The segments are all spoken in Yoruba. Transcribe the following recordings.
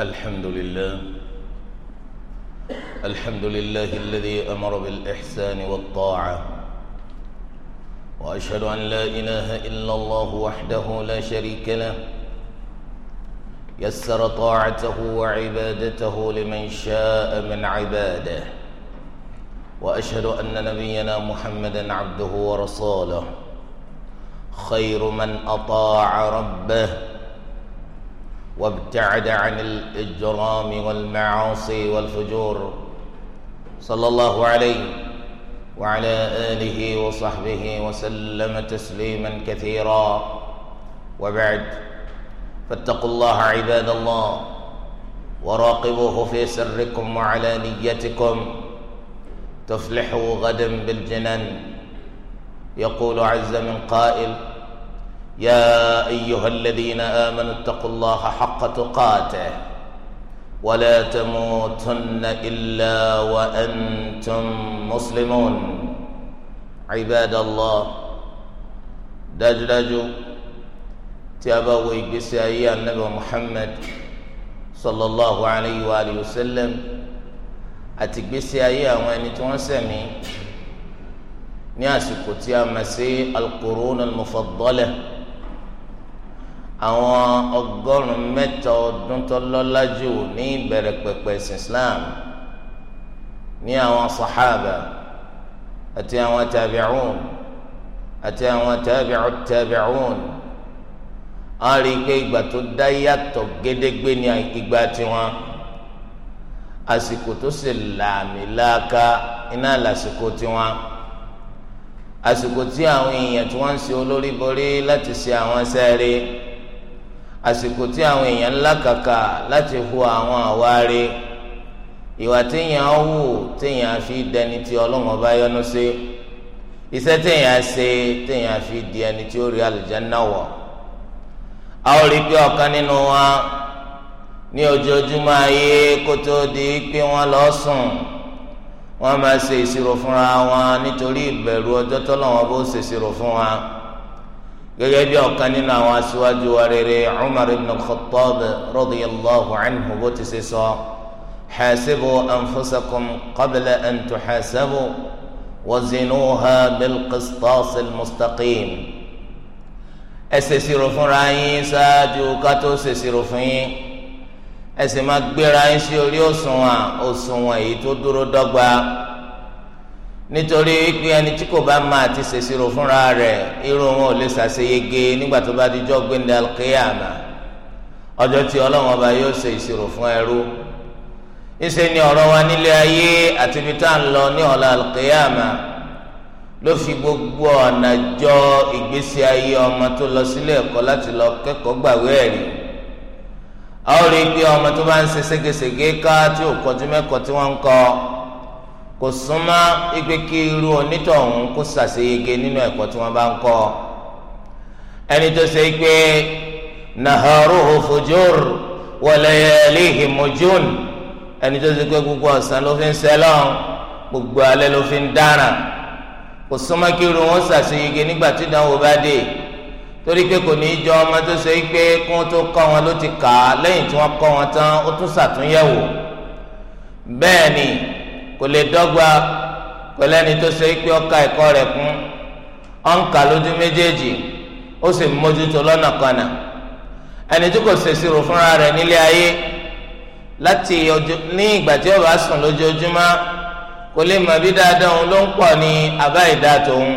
الحمد لله الحمد لله الذي أمر بالإحسان والطاعة وأشهد أن لا إله إلا الله وحده لا شريك له يسر طاعته وعبادته لمن شاء من عباده وأشهد أن نبينا محمدا عبده ورسوله خير من أطاع ربه وابتعد عن الإجرام والمعاصي والفجور صلى الله عليه وعلى آله وصحبه وسلم تسليما كثيرا وبعد فاتقوا الله عباد الله وراقبوه في سركم وعلى نيتكم تفلحوا غدا بالجنان يقول عز من قائل يا أيها الذين آمنوا اتقوا الله حق تقاته ولا تموتن إلا وأنتم مسلمون عباد الله دجلجوا تابوا بسيئة النبي محمد صلى الله عليه وآله وسلم أتكبسيئة وأن تنسمي ní àsìkò tí a mọ̀ sí àwọn ọgọ́rùn-ún mẹ́ta ọdún tó lọ́lá jù ní ìbẹ̀rẹ̀ pẹ̀pẹ̀ ẹ̀sìn islam ní àwọn sahaba àti àwọn tabi'un àti àwọn tabi'u tabi'un a rí i pé ìgbà tó dá yàtọ̀ gédégbé ní ìgbà tiwọn àsìkò tó sì làmìlàaka iná làsìkò tiwọn àsìkò tí àwọn èèyàn tí wọ́n ń ṣe olórí borí láti ṣe àwọn sẹ́ẹ̀rẹ́ àsìkò tí àwọn èèyàn ńlá kàkà láti hu àwọn àwárí ìwà téèyàn hù téèyàn fi dẹni tí ọlọ́wọ́n bá yọ́nú sí iṣẹ́ téèyàn ṣe téèyàn fi di ẹni tí ó rí àlùjáná wọ̀ a ó rí pé ọ̀kan nínú wa ní ojoojúmọ́ ayé kó tó di pé wọ́n lọ sùn wọ́n máa ṣe ìṣirò fúnra wọn nítorí ìbẹ̀rù ọjọ́ tọ́lọ́wọ́n bó ṣèṣirò fún wa gẹ́gẹ́ bí ọ̀kan nínú àwọn aṣíwájú wa rere Umar ibn al-Khattab radiyallahu anhu bó ti ṣe sọ hasibu anfusakum qabla an tuhasabu wazinuha bilqistas almustaqim ẹ ṣèṣirò fúnra yín ṣáájú ká tó ṣèṣirò fún yín ẹ máa gbéra yín sí orí òṣùwọ̀n òṣùwọ̀n èyí tó dúró dọ́gba nítorí pé ẹni tí kò bá máa ti ṣèṣirò fúnra rẹ̀ irú wọn ò lè ṣàṣeyege nígbà tó bá dijọ́ gbẹ̀ndẹ̀ alkiyama ọjọ́ tí ọlọ́run ọba yóò ṣe ìṣirò fún ẹrú ìṣe ni ọ̀rọ̀ wa nílé ayé àti ibi tá à ń lọ ní ọ̀la alkiyama ló fi gbogbo ọ̀nà jọ ìgbésí ayé ọmọ tó lọ sílé ẹ̀kọ́ láti lọ kẹ́kọ̀ọ́ gbàwé ẹ̀rí a ó rí i pé ọmọ tó bá ń ṣe ségesège ká tí ò kò súnmọ́ igbe kí irú onítọ̀hún kó ṣàṣeyege nínú ẹ̀kọ́ tí wọ́n bá ń kọ́ ẹni tó ṣe pé naharuhu fujur wa layalihi mujun ẹni tó ṣe pé gbogbo ọ̀sán ló fi ń sẹ́lọ̀ gbogbo alẹ́ ló fi ń dáràn kò súnmọ́ kí irú wọn ṣàṣeyege nígbà tí ìdánwò bá dé torí pé kò ní í jọ ọmọ tó ṣe pé kó tó kọ́ wọn ló ti kà á lẹ́yìn tí wọ́n kọ́ wọn tán ó tún ṣàtúnyẹ̀wò bẹ́ẹ̀ ni. kò lè dọ́gba pẹ̀lú ẹni tó ṣe pé ọka ẹ̀kọ́ rẹ̀ kún ọ̀nkà lójú méjèèjì ó sì mójútó lọ́nà kanà ẹni tí kò ṣèṣirò fúnra rẹ̀ nílé ayé láti ní ìgbà tí ó bá sùn lójoojúmọ́ kò lè mọ̀ bí dáadáa òun ló ń pọ̀ ní àbá ìdá tòun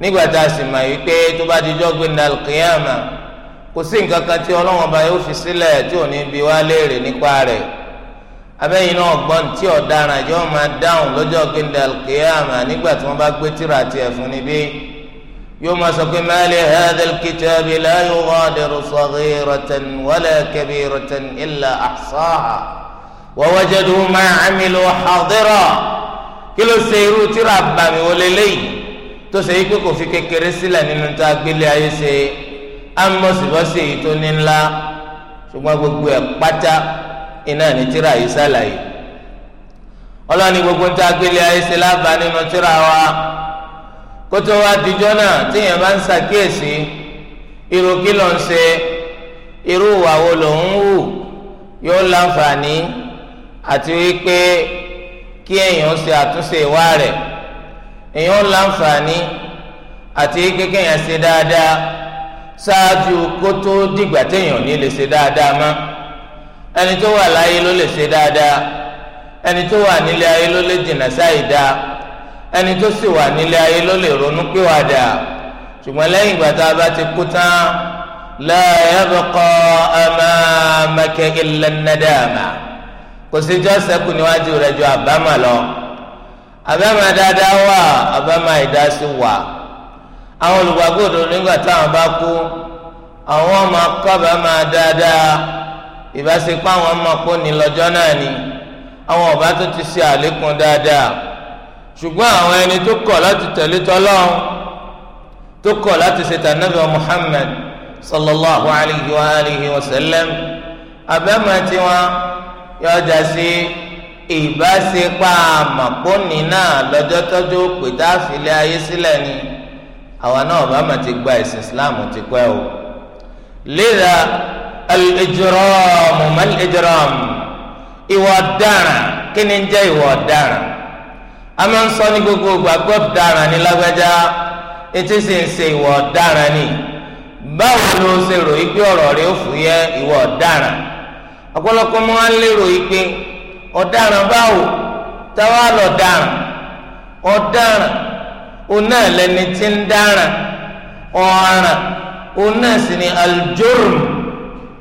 nígbà tá a sì mọ̀ wípé tó bá dijọ́ gbẹ̀ndà kìíyàmà kò sí nǹkan kan tí ọlọ́wọ́n abẹ́yìn náà gbọ́n tí ọ̀daràn jọ máa dáhùn lọ́jọ́ gbẹ̀ndẹ̀ alkiyama nígbà tí wọ́n bá gbé tírà tiẹ̀ fún níbí yóò máa sọ pé mali hadha alkitabi la yughadiru saghiratan wala kabiratan illa ahsaha wa wajadu ma amilu hadira kí ló ṣe irú tírà bàmí wọlé léyìí tó ṣe yí pé kò fi kékeré sílẹ̀ nínú tá a gbélé ayé ṣe amọ̀sibọ́sì èyí iná ní tíra yìí sàlàyé ọlọ́ni gbogbo ń ta gbélé ayé ṣe lába nínú tíra wa kótó wa dijọ́ náà tíyẹn bá ń ṣàkíyèsí irú kí ló ń ṣe irú ìwà wo ló ń wù yóò láǹfààní àti wípé kí èèyàn ṣe àtúnṣe ìwà rẹ̀ èèyàn láǹfààní àti wípé kéèyàn ṣe dáadáa ṣáájú kótó dìgbà téèyàn ní lè ṣe dáadáa mọ́. ẹni tó wà láyé ló lè ṣe dáadáa ẹni tó wà nílé ayé ló lè jìnnà sáìdá ẹni tó sì wà nílé ayé ló lè ronú pìwàdà ṣùgbọ́n lẹ́yìn ìgbà tá a bá ti kú tán la yabqa amamaka illa nadama kò sí jọ́ sẹ́kù níwájú rẹ̀ ju àbámà lọ àbámà dáadáa wà àbámà ìdásí wà àwọn olùgbàgbọ́dọ̀ nígbà táwọn bá kú àwọn ọmọ akọ́bàmà dáadáa ìbáṣepọ̀ àwọn ọmọkùn ní lọ́jọ́ náà ni àwọn ọba tó ti ṣe àlékún dáadáa ṣùgbọ́n àwọn ẹni tó kọ̀ láti tẹ̀lé tọ́lọ́run tó kọ̀ láti ṣe tànàbí Muhammad sallallahu alayhi wa alihi wa sallam abẹ́mọ̀ tiwọn yóò jà sí ìbáṣepọ̀ àmọ̀kùn ní náà lọ́jọ́ tọ́jú pé tá a ayé sílẹ̀ ni àwọn náà ọba mà ti gba ìsìn Islam ti pẹ́ o. lera al-ijramu mal-ijram ìwà ọ̀daràn kí ni ń jẹ́ ìwà ọ̀daràn a máa ń sọ ní gbogbo gbàgbọ́ ọ̀daràn ní lágbájá etí sì ń ṣe ìwà ọ̀daràn ni báwo ló ṣe ròyìn pé ọ̀rọ̀ rẹ̀ ó fúyẹ́ ìwà ọ̀daràn ọ̀pọ̀lọpọ̀ mọ́ á lérò yìí pé ọ̀daràn báwo táwa lọ daràn ọ̀daràn òun náà lẹni tí ń daràn ọ̀ràn òun náà sì ni al-jurm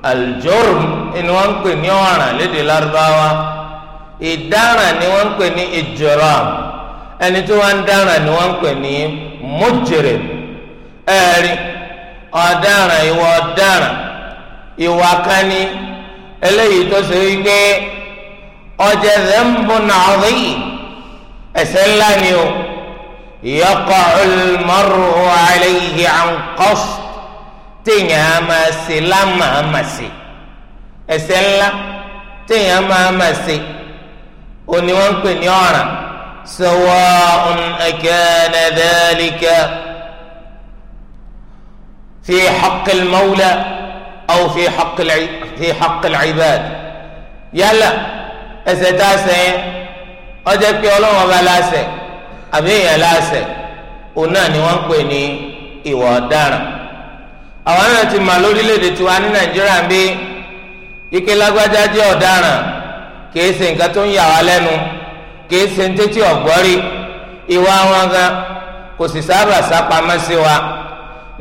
aljorm ni wọ́n ń pè ní ọ̀ràn lédè lárúbáwá ìdáràn ni wọ́n ń pè ní ìjọram ẹni tó wá ń dáràn ni wọ́n ń pè ní mujrim ẹ̀rí ọ̀daràn ìwà ọ̀daràn ìwà kání eléyìí tó ṣe wípé ọjà zẹ́ńbù nàárí ẹ̀ṣẹ̀ ńlá ni o yaqa'u al-mar'u alayhi téèyàn á máa ṣe lámàámàṣe ẹ̀ṣẹ̀ ńlá téèyàn á máa máa ṣe òní wọn ń pè ní ọ̀ràn sawa'un akana dhalika fi haqqil mawla aw fi haqqil fi haqqil ibad yálà ẹ̀ṣẹ̀ tá a ṣẹ̀ pé Ọlọ́run ọba láṣẹ̀ àbí èèyàn láṣẹ̀ òun náà ni wọn pè ní ìwà ọ̀daràn àwọn náà ti mà lórílẹ̀‐èdè tiwa ní nàìjíríà ń bí ike lágbájá jẹ́ ọ̀daràn kìí ṣe nǹkan tó ń yà wá lẹ́nu kìí ṣe ń tẹ́tí ọ̀gbọ́rí ìwà wọn gan kò sì sábà sápamọ́ sí wa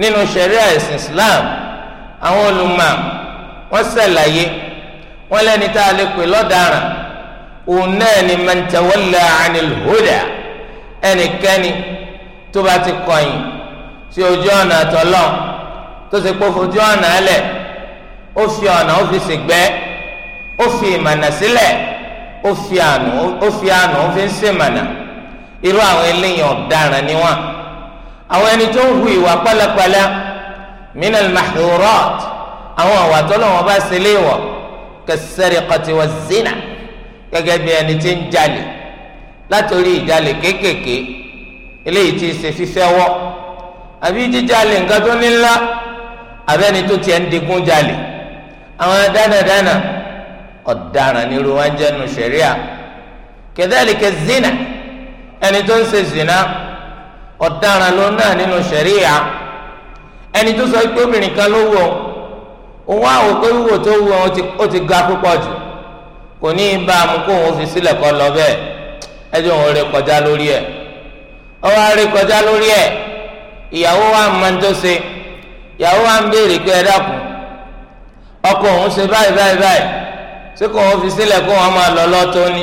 nínú ṣẹ̀ríà ẹ̀sìn Islam àwọn olùmọ̀ wọ́n ṣàlàyé wọ́n lẹ́ni tá a lè pè lọ́daràn òun náà ni man tawalla ẹnikẹ́ni tó bá ti kọ̀yìn sí ojú ọ̀nà àtọ́lọ́ọ̀ tó ṣe pé fojú ọ̀nà ẹlẹ̀ ó fi ọ̀nà ó fi ṣègbẹ́ ó fi ìmọ̀nà sílẹ̀ ó fi àánú ó fi àánú ó fi ń ṣèmọ̀nà irú àwọn eléyìí ọ̀daràn ni wọ́n àwọn ẹni tó ń hu ìwà pálapàla minal mahdurat àwọn àwà tó lọ́wọ́ bá ṣe léèwọ̀ kẹsẹ̀rìkọ̀tì wọ́n zina gẹ́gẹ́ bí ẹni tí ń jalè látòrí ìjalè kéékèèké eléyìí ti ṣe fífẹ́ wọ́ àbí jíjalè nǹkan tó ní ńlá abẹ́ni tó tiẹ̀ ń digun jalè àwọn dánadáná ọ̀daràn nílùú wọn jẹ́ nu sẹ̀ríà kadhalika zina ẹni tó ń ṣe zina ọ̀daràn ló náà nínú sẹ̀ríà ẹni tó sọ pé obìnrin kan ló wọ òun àwọn pé wíwò tó wọ ó ti ga púpọ̀ jù kò ní í bá a mú kó òun fi sílẹ̀ kọ́ lọ bẹ́ẹ̀ ẹjọ́ òun ré kọjá lórí ẹ̀ ọwọ́ ré kọjá lórí ẹ̀ ìyàwó wa máa ń tó ṣe. ìyàwó wa ń béèrè pé ẹ dákun ọkọ òun ṣe báyìí báyìí báyìí ṣé kò òun fi sílẹ̀ kó wọn máa lọ lọ́tọ́ ni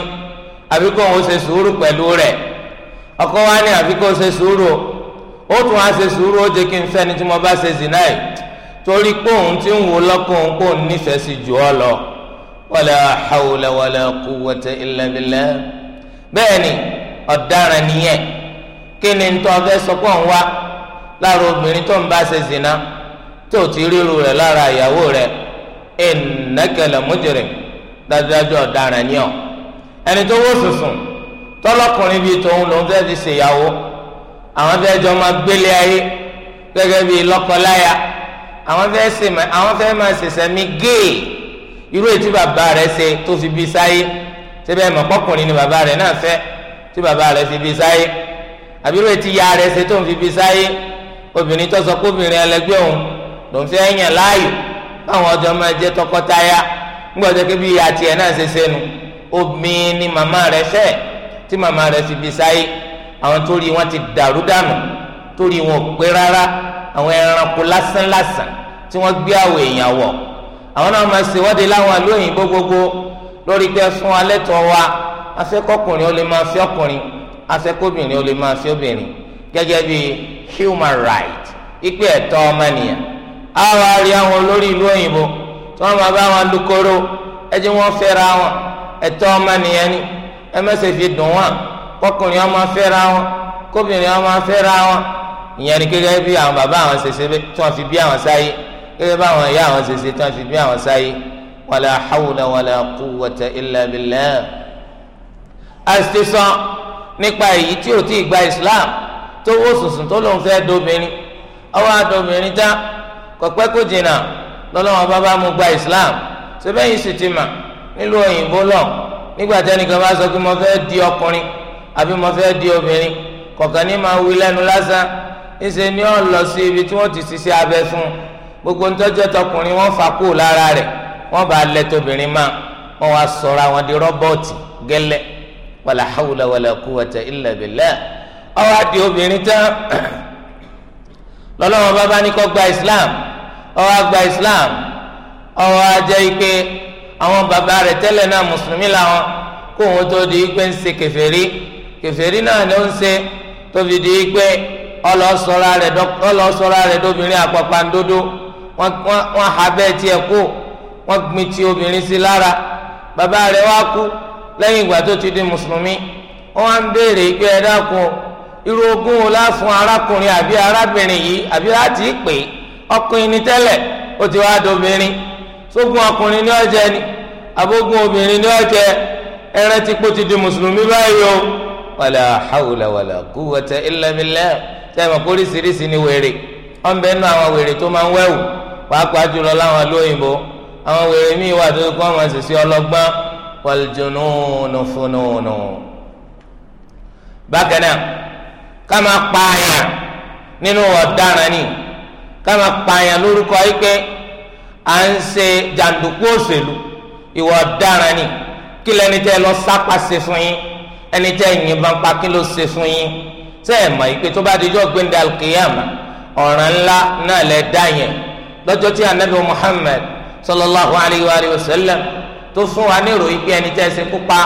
àbí kó òun ṣe sùúrù ọkọ wa ní àbí kó ṣe sùúrù ó tún ṣe sùúrù ó kí n fẹ́ ni tí mo bá ṣe zina yìí torí pé òun ti ń wo lọ́kàn òun kò nífẹ̀ẹ́ sí jù ọ lọ ni nìyẹn kí ni ń tọ́ fẹ́ sọ pé òun wá obìnrin tó ń tí o ti ríru rẹ lára ìyàwó rẹ ẹnẹkẹlẹ mújẹrẹ dájúdájú ọ̀daràn ni ọ ẹni tó wó sùsùn tọlọkùnrin bíi tòun lòún fẹẹ fi ṣèyàwó àwọn fẹẹ jọ máa gbélé ayé gẹ́gẹ́ bíi lọ́kọláya àwọn fẹẹ ṣe àwọn fẹẹ máa ṣẹṣẹ mi géè irú ètí bàbá rẹ ṣe tó fi bí sáyé síbẹ̀ mọ̀ pọ́kùnrin ni bàbá rẹ náà fẹ́ tí bàbá rẹ fi bí sáyé àbí irú ètí ya rẹ ṣe tó ń fi bí sáyé obìnrin tó sọ pé obìnrin ẹlẹgbẹ́ òun lòunṣẹ́ ẹ̀yàn láàyò báwọn ọjọ́ máa jẹ́ tọkọtaya ńgbọ́dọ̀ kí bí àti ẹ̀ náà ṣe sẹ́nu obìnrin ni màmá rẹ̀ fẹ́ tí màmá rẹ̀ fi bí sáyé àwọn tó rí wọn ti dàrú dànù tó rí wọn ò pé rárá àwọn ẹranko lásán lásán tí wọ́n gbé àwọ̀ èèyàn wọ̀ àwọn náà máa ṣèwọ́de láwọn àlóyìnbó gbogbo lórí pé fún alẹ́ tó wa afẹ́kọ́kùnrin ó lè máa fi ọkùnrin afẹ́kọ́bìnrin ó lè máa fi obìnrin gẹ́gẹ́ bí human right ìpè ẹ̀tọ́ ọmọnìyàn á wá rí àwọn olórí ìlú òyìnbó tí wọ́n máa bá wọn lukoro ẹ jẹ́ wọ́n fẹ́ra wọn ẹ̀tọ́ ọmọnìyàn ni ẹ mẹ́sẹ̀ fi dùn wọn kọkùnrin ọmọ fẹ́ra wọn kóbìnrin ọmọ fẹ́ra wọn ìyẹn ni gẹ́gẹ́ bí àwọn bàbá àwọn ṣẹṣẹ tí wọ́n fi bí àwọn sáyé gẹ́gẹ́ bí àwọn ìyá àwọn ṣẹṣẹ tí wọ́n fi bí àwọn sáyé wàlá hawla wàlá quwwata illa billah àti sọ nípa èyí tí ò tí gba Islam tó wó sùsùn tó lóun fẹ́ dobìnrin ọwọ́ àdobìnrin tán kọ̀pẹ́ kó jìnnà lọ́lọ́wọ́n bá bá mu gba islam sẹ́bẹ̀yìn sì ti mà nílùú òyìnbó lọ nígbà tí ẹnìkan bá sọ pé mo fẹ́ di ọkùnrin àbí mo fẹ́ di obìnrin kọ̀ọ̀kan ní máa wí lẹ́nu lásán ńṣe ni ó lọ sí ibi tí wọ́n ti ṣiṣẹ́ abẹ fún gbogbo ńtọ́jọ́ tọkùnrin wọ́n fà kú lára rẹ̀ wọ́n bá lẹ tóbìnrin máa wọ́n wá sọ̀rọ̀ àwọn di rọ́bọ̀tì gẹ́lẹ́ wàlà hàwùlà wàlà kúwàtà ìlà bìlà ọ̀wá di obìnrin tán lọ́lọ́wọ́ bàbá ní kó gba islam ó wá gba islam ó wá jẹ́ ipe àwọn bàbá rẹ̀ tẹ́lẹ̀ náà mùsùlùmí làwọn kó wọn tó di ipe ń ṣe kèfèrí kèfèrí náà ló ń ṣe tóbi di ipe ọlọ́sọ̀ra rẹ̀ dóbìnrin àpapàǹdodo wọ́n ha bẹ́ẹ̀ tiẹ̀ kú wọ́n gbin ti obìnrin sí lára bàbá rẹ̀ wá kú lẹ́yìn ìgbà tó ti di mùsùlùmí wọ́n á ń béèrè ipe ẹ dákun o irú ogún wo la fún arákùnrin àbí arábìnrin yìí àbí láti pè ọkùnrin ni tẹ́lẹ̀ ó ti wá dobìnrin sógun ọkùnrin ni ó jẹ ni abógun obìnrin ni ó jẹ ti kó ti di mùsùlùmí báyìí o wàlà hàwùlà wàlà quwwata illa billah sẹ́wọ̀n ni wèrè ọ̀nbẹ nù àwọn wèrè tó máa ń wẹ̀wù pàápàá jùlọ láwọn lóyìnbó àwọn wèrè míì wà tó kọ́ àwọn àṣìṣe ọlọ́gbọ́n wal jununu bákan náà ká máa pààyàn nínú ọ̀daràn ni ká máa pààyàn lórúkọ yìí pé à ń ṣe jàǹdùkú òṣèlú ìwà ọ̀daràn ni kí lẹni tẹ́ lọ sápá ṣe fún yín ẹni tẹ́ yìnbọn pa kí ló ṣe fún yín ṣé ẹ mọ̀ ìpè tó bá dijọ́ gbẹ̀ndẹ̀ alkiyama ọ̀ràn ńlá náà lẹ dá yẹn lọ́jọ́ anabi muhammed sallallahu alayhi wa sallam tó fún wa ní ìròyìn pé ẹni tẹ́ ṣe kópa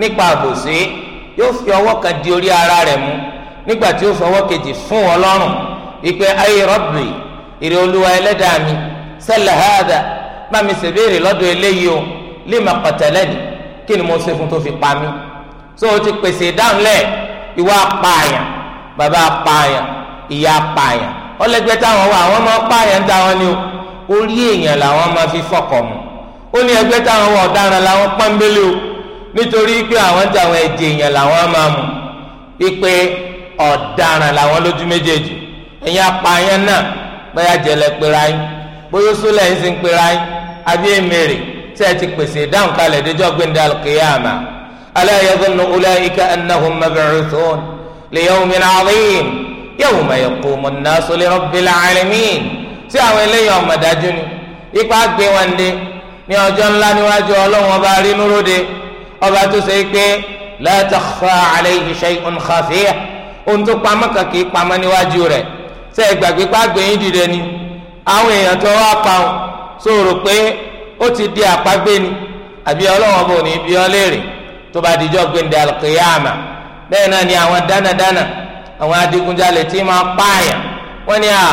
nípa àbòsí yóò fi ọwọ́ kan di orí ara rẹ̀ mú nígbà tí ó fọwọ́ kejì fún ọlọ́run ìpè ayé rọ́bì ìrè olúwa ẹlẹ́dàá mi sẹ́lẹ̀ hàdà bá mi ṣèbéèrè lọ́dọ̀ eléyìí o lima kọtẹlẹ́ni kí ni mo ṣe fún tó fi pa mí so o ti pèsè ìdáhùnlẹ̀ ìwà apààyàn bàbá apààyàn ìyá apààyàn ọlẹ́gbẹ́ táwọn wà àwọn máa pààyàn dá wọn ni o orí èèyàn làwọn máa fi fọkọ̀ mu ó ní ẹgbẹ́ táwọn wà ọ̀daràn làwọn pọ́nbélé o nítorí pé àwọn táwọn ẹ̀jẹ̀ èèyàn làwọn máa mú ipe ọ̀daràn làwọn lójú méjèèjì ẹ̀yin apààyàn náà bóyá jẹlẹ pera yín bóyá sólẹ̀ yín sì ń pera yín àbí èmèrè tí ẹ ti pèsè ìdáhùn kalẹ̀ déjọ́ gbẹ̀ndé alùkìyàmà ala yazunnu ulaika annahum mab'uthun li yawmin 'azim yawma yaqumu an-nasu li rabbil 'alamin tí àwọn eléyìí ọmọ dájú ni ipa gbé wọn dé ní ọjọ́ ńlá níwájú ọlọ́run ọba rínúróde ọba tó ṣe pé la takhfa 'alayhi shay'un khafiyah ohun tó pamọ́ kan kì í pamọ́ níwájú rẹ̀ ṣe é gbàgbé pàgbé yín dìde ni àwọn èèyàn tó so rò pé ó ti di àpagbé ni àbí ọlọ́wọ́n bò ní ibi tó bá dijọ́ gbẹ̀ndẹ̀ bẹ́ẹ̀ àwọn dánadáná àwọn adigunjalè tí máa pààyàn wọ́n ní à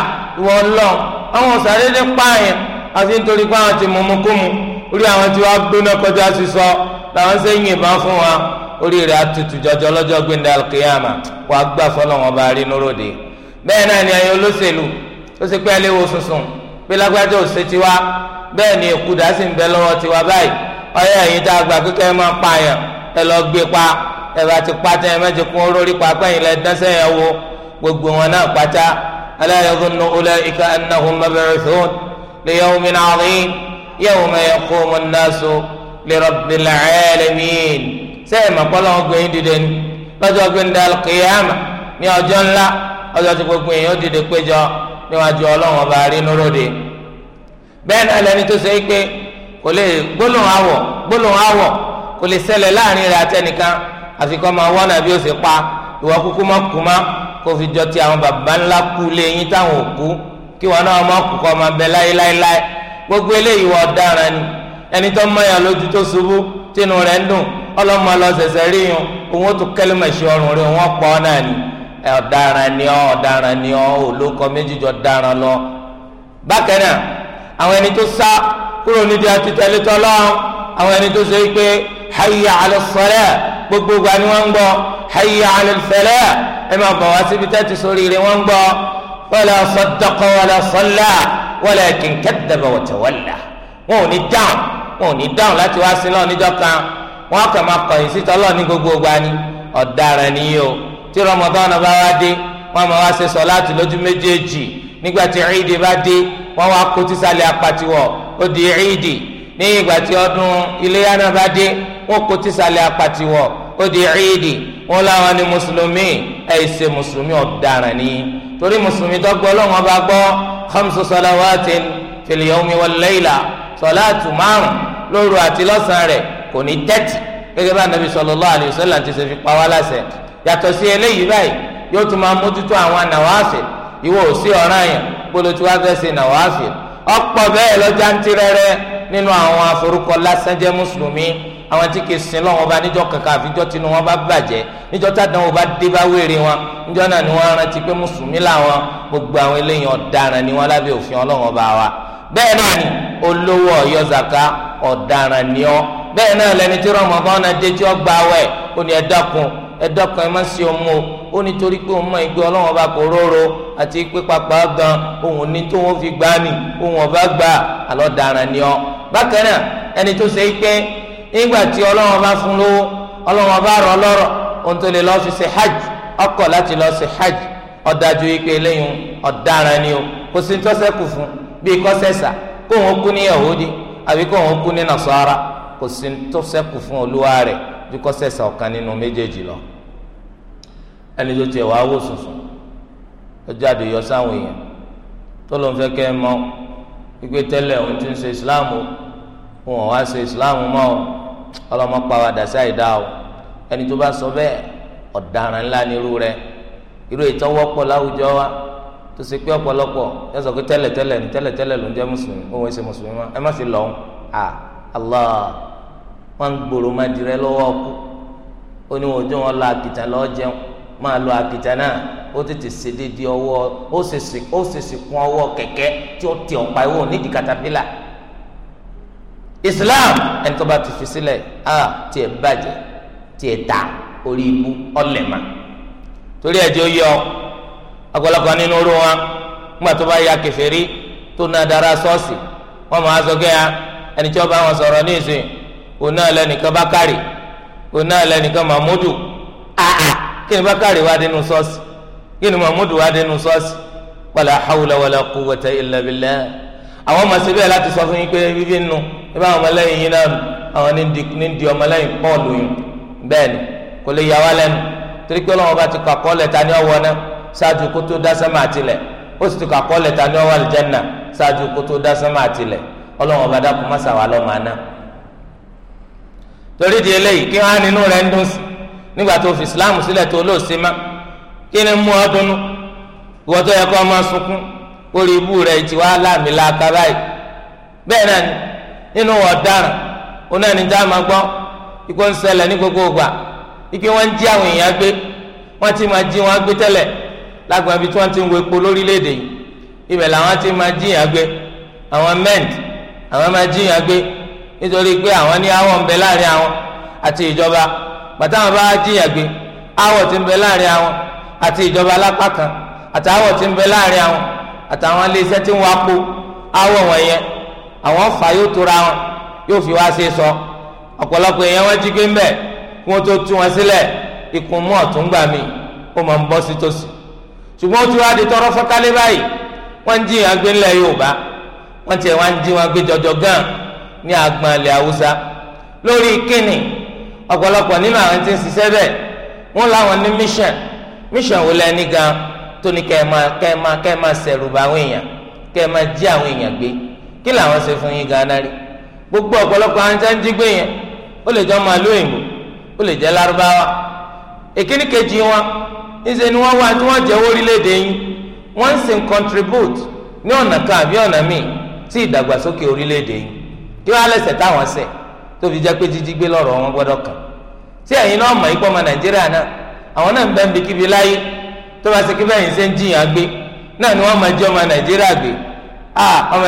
wọ́n lọ àwọn pààyàn àti nítorí pé àwọn ti mú mú kú mu orí àwọn tí gbóná kọjá sísọ làwọn ṣe ń yìnbọn fún orí rẹ̀ àtútù jọjọ lọ́jọ́ gbẹ̀ndẹ̀ alkiyama wàá gbà fọlọ́wọn bá rí nuróde bẹ́ẹ̀ náà ni ẹ̀yin olóṣèlú ó sì pé ẹlẹ́wọ̀ sunsun pé lágbájá òṣè tiwa bẹ́ẹ̀ ni èkúdà sì ń bẹ lọ́wọ́ tiwa báyìí ọyọ́ ẹ̀yin tá a gbà kíkẹ́ ẹ máa pààyàn ẹ lọ gbé pa ẹ bá ti pátá ẹ mẹ́jẹ kún orórí pa pẹ́yìn lẹ dánṣẹ́ yẹn wo gbogbo wọn náà pátá ala yazunnu ulaika annahum mab'uthun li yawmin 'azim yawma yaqumu an-nasu li rabbil 'alamin. sẹ́yìn mọ̀kọ́lọ́ ọgbìn yín dìde ni lọ́jọ́ ọgbìn dàl kìyàmà ní ọjọ́ ńlá ọjọ́ tí gbogbo yín ó dìde péjọ níwájú ọlọ́run ọba rínú ròde bẹ́ẹ̀ náà lẹni tó ṣe é kò lè gbólóhùn àwọ̀ kò lè ṣẹlẹ̀ láàrin rẹ̀ àtẹnìkan àfikọ́ máa wọ́n nàbí ó ẹni tó mọ̀yà lójú tó ṣubú tínú rẹ̀ ń dùn ọlọ́mọ lọ sẹ̀sẹ̀ rí yun òun ó tún kẹ́lẹ́mọ̀ ṣe ọrùn rẹ̀ wọ́n pọ̀ náà ni ọ̀daràn ni ọ́ ọ̀daràn ni ọ́ olókọ méjì jọ daràn lọ. bákan náà àwọn ẹni tó sá kúrò nídìí àtútẹ́lẹ́ tọ́lọ́ àwọn ẹni tó ṣe pé hayya ala salat gbogbo ìgbà ni wọ́n ń gbọ́ hayya ala falah ẹ máa bọ̀ wá síbi tẹ́tí sórí rẹ̀ wọ́n ń gbọ́ wala saddaqa wala salla walakin kadhaba wa tawalla wọn ò ní dáhùn wọn ò ní dáhùn láti wá sí lọ́wọ́ níjọ́ kan wọn kàn máa kọ̀yìn sí tọ́lọ́ ní gbogbo ìgbà ni ọ̀daràn nìyí o tí Ramadan bá wá dé wọn máa wá ṣe sọ̀láàtì lójú méjèèjì nígbà tí ìdí bá dé wọn wá kó tísàlẹ̀ apàtiwọ̀ ó di ìdí ní ìgbà tí ọdún iléyà náà bá dé wọn kó tísàlẹ̀ apàtiwọ̀ ó di ìdí wọn láwọn ni mùsùlùmí ẹ̀ ṣe mùsùlùmí ọ̀daràn nìyí torí mùsùlùmí tó gbọ́ lọ́wọ́n gbọ́ sọláàtù márùn lóru àti lọ́sàn-án rẹ̀ kò ní tẹ́tì gẹ́gẹ́ bá nàbí sallallahu alaihi ti ṣe fi pa wá láṣẹ yàtọ̀ sí eléyìí báyìí yóò tún máa mójútó àwọn nàwáàfẹ́ ìwọ ò sí ọ̀ràn yẹn gbọ́dọ̀ tí wàá fẹ́ ṣe ọ̀pọ̀ bẹ́ẹ̀ lọ́jà ń nínú àwọn aforúkọ lásán jẹ́ mùsùlùmí àwọn tí sin lọ́wọ́ bá bẹ́ẹ̀ náà ni olówó ọ̀yọ́ zaka ọ̀daràn ni ọ́ bẹ́ẹ̀ náà lẹni tí dé tí gba awẹ́ ó ní má sí ọmọ ó nítorí pé òun mọ ìgbé ọlọ́wọ́n bá róró àti pé gan òun ní ọ́ bákan náà ẹni tó ṣe é pé nígbà tí ọlọ́wọ́n bá fún lówó ọlọ́wọ́n bá rọ ohun fi ṣe ni o kò sí bíi kọ́sẹ̀sà kó òun kú ní yahudi àbí kó òun kú ní nasara kò sí tó ṣẹ́kù fún olúwa rẹ̀ ju kọ́sẹ̀sà ọ̀kan nínú méjèèjì lọ. ẹni tó tiẹ̀ wá wò sùnsùn yọ sáwọn èèyàn tó ló fẹ́ kẹ́ ẹ wípé tẹ́lẹ̀ òun ti ń ṣe islam wá ṣe islam mọ́ ọ ọlọ́mọ o ẹni tó bá sọ bẹ́ẹ̀ ọ̀daràn ńlá irú ìtọ́wọ́pọ̀ láwùjọ wa. tó ṣe pé ọ̀pọ̀lọpọ̀ yóò sọ pé tẹ́lẹ̀ tẹ́lẹ̀ ní tẹ́lẹ̀ tẹ́lẹ̀ ló ń jẹ́ mùsùlùmí òun ṣe mùsùlùmí mọ́ ẹ má sì lọ́hùn à Allah wọn gbòòrò má dirẹ́ lọ́wọ́ ọkú ó ní wọn ò jó wọn lọ àkìtàn lọ́ọ́ jẹun máa lọ àkìtàn náà ó tètè ṣe déédé ọwọ́ ó ṣèṣì ó ṣèṣì kún ọwọ́ kẹ̀kẹ́ tí ó ti ọ̀pá ìwọ nídìí katapila Islam ẹni tó bá ti fi sílẹ̀ a tiẹ̀ bàjẹ́ tiẹ̀ ta orí ibú ọ̀lẹ̀ mà torí ẹ̀jẹ̀ ó yọ ọ̀pọ̀lọpọ̀ nínú orú wọn nígbà tó bá ya kèfèrí tó náà dára ṣọ́ọ̀ṣì wọn máa sọ gẹ́yà ẹni tí wọ́n bá wọn sọ̀rọ̀ ní ìsìn òun náà lẹ́nìkan Bákàrì òun náà lẹ́nìkan Mahmudu àà kí ni Bákàrì wá dínú ṣọ́ọ̀ṣì kí ni Mahmudu wá dínú ṣọ́ọ̀ṣì wala hawla wala quwwata illa billah àwọn ọmọ síbẹ̀ láti sọ fún yín pé bíbí nù ibà àwọn ọmọlẹ́yìn yín náà àwọn ní di ọmọlẹ́yìn Pọ́ọ̀lù yín bẹ́ẹ̀ ni kò lè yà wá lẹ́nu torí pé ọlọ́wọ́n bá ti kọ́ àkọọ́lẹ̀ ta ni ọ̀wọ́ náà ṣáájú kó tó dá sánmà àtìlẹ̀ ó sì ti kọ àkọọ́lẹ̀ ta ní ọwọ́ àlìjánà ṣáájú kó tó dá sánmà àtìlẹ̀ ọlọ́run ọba dákun má ṣàwà lọ́mọ àná. torí di eléyìí kí á nínú ń sí nígbà tó fi islam sílẹ̀ tó kí ni mú ọ dunnú ìwọ tó yẹ kó máa sunkún orí ibú ti wá láàmì láàka báyìí bẹ́ẹ̀ wọn ń jí àwọn èèyàn gbé wọn ti máa wọn gbé tẹ́lẹ̀ lágbàá bí tí wọ́n ti ń wo epo lórílẹ̀‐èdè yìí ibẹ̀ làwọn ti máa jiyàn gbé àwọn mẹ́ǹt àwọn máa jiyàn gbé nítorí pé àwọn ní àwọn ń bẹ láàrin àwọn àti ìjọba bàtà wọn bá jiyàn gbé àwọn ti ń bẹ láàrin àwọn àti ìjọba alápá kan àtàwọn ti ń bẹ láàrin àwọn àtàwọn iléeṣẹ́ tí ń wá po àwọn wọ̀nyẹn àwọn fà yóò tóra wọn yóò fi wá sí sọ ọ̀pọ̀lọpọ̀ èèyàn wọn jí gbé ń bẹ̀ kí wọ́n tó tú wọn sílẹ̀ ikùn mú ọ̀tún gbà mí ó máa ń bọ́ sí tòsí ṣùgbọ́n ó ti wá di tọrọ fọ́kálẹ́ báyìí wọ́n ń jiyàn gbé ńlẹ̀ Yorùbá wọ́n tiẹ̀ wá ń jí wọn gbé jọjọ gan ní agbọn ilẹ̀ Haúsá lórí kínní ọ̀pọ̀lọpọ̀ nínú àwọn tí ń ṣiṣẹ́ bẹ́ẹ̀ wọ́n láwọn ní mission mission wo lẹ́ni gan tó ní kẹ́ ẹ máa kẹ́ ẹ máa kẹ́ ẹ máa ṣẹ̀rùbà àwọn èèyàn kẹ́ ẹ máa jí àwọn èèyàn gbé kí làwọn ṣe fún yín gan náà gbogbo ọ̀pọ̀lọpọ̀ àwọn tí wọ́n ń ize ni wọ́n wá tí wọ́n jẹ́ orílẹ̀-èdè yín wọ́n ń sìn contribute ní ọ̀nà kan àbí ọ̀nà míì sí ìdàgbàsókè orílẹ̀ yín kí wọ́n á táwọn sẹ̀ jẹ́ pé jíjí gbé lọ́rọ̀ wọn gbọ́dọ̀ kàn tí ẹ̀yin náà mọ̀ ikọ́ ọmọ nàìjíríà náà àwọn náà ń bẹ́ẹ̀ bí kíbi láyé tó bá ṣe kí bẹ́ẹ̀ yín ṣe ń jiyàn gbé náà ni jẹ́ ọmọ nàìjíríà gbé ọmọ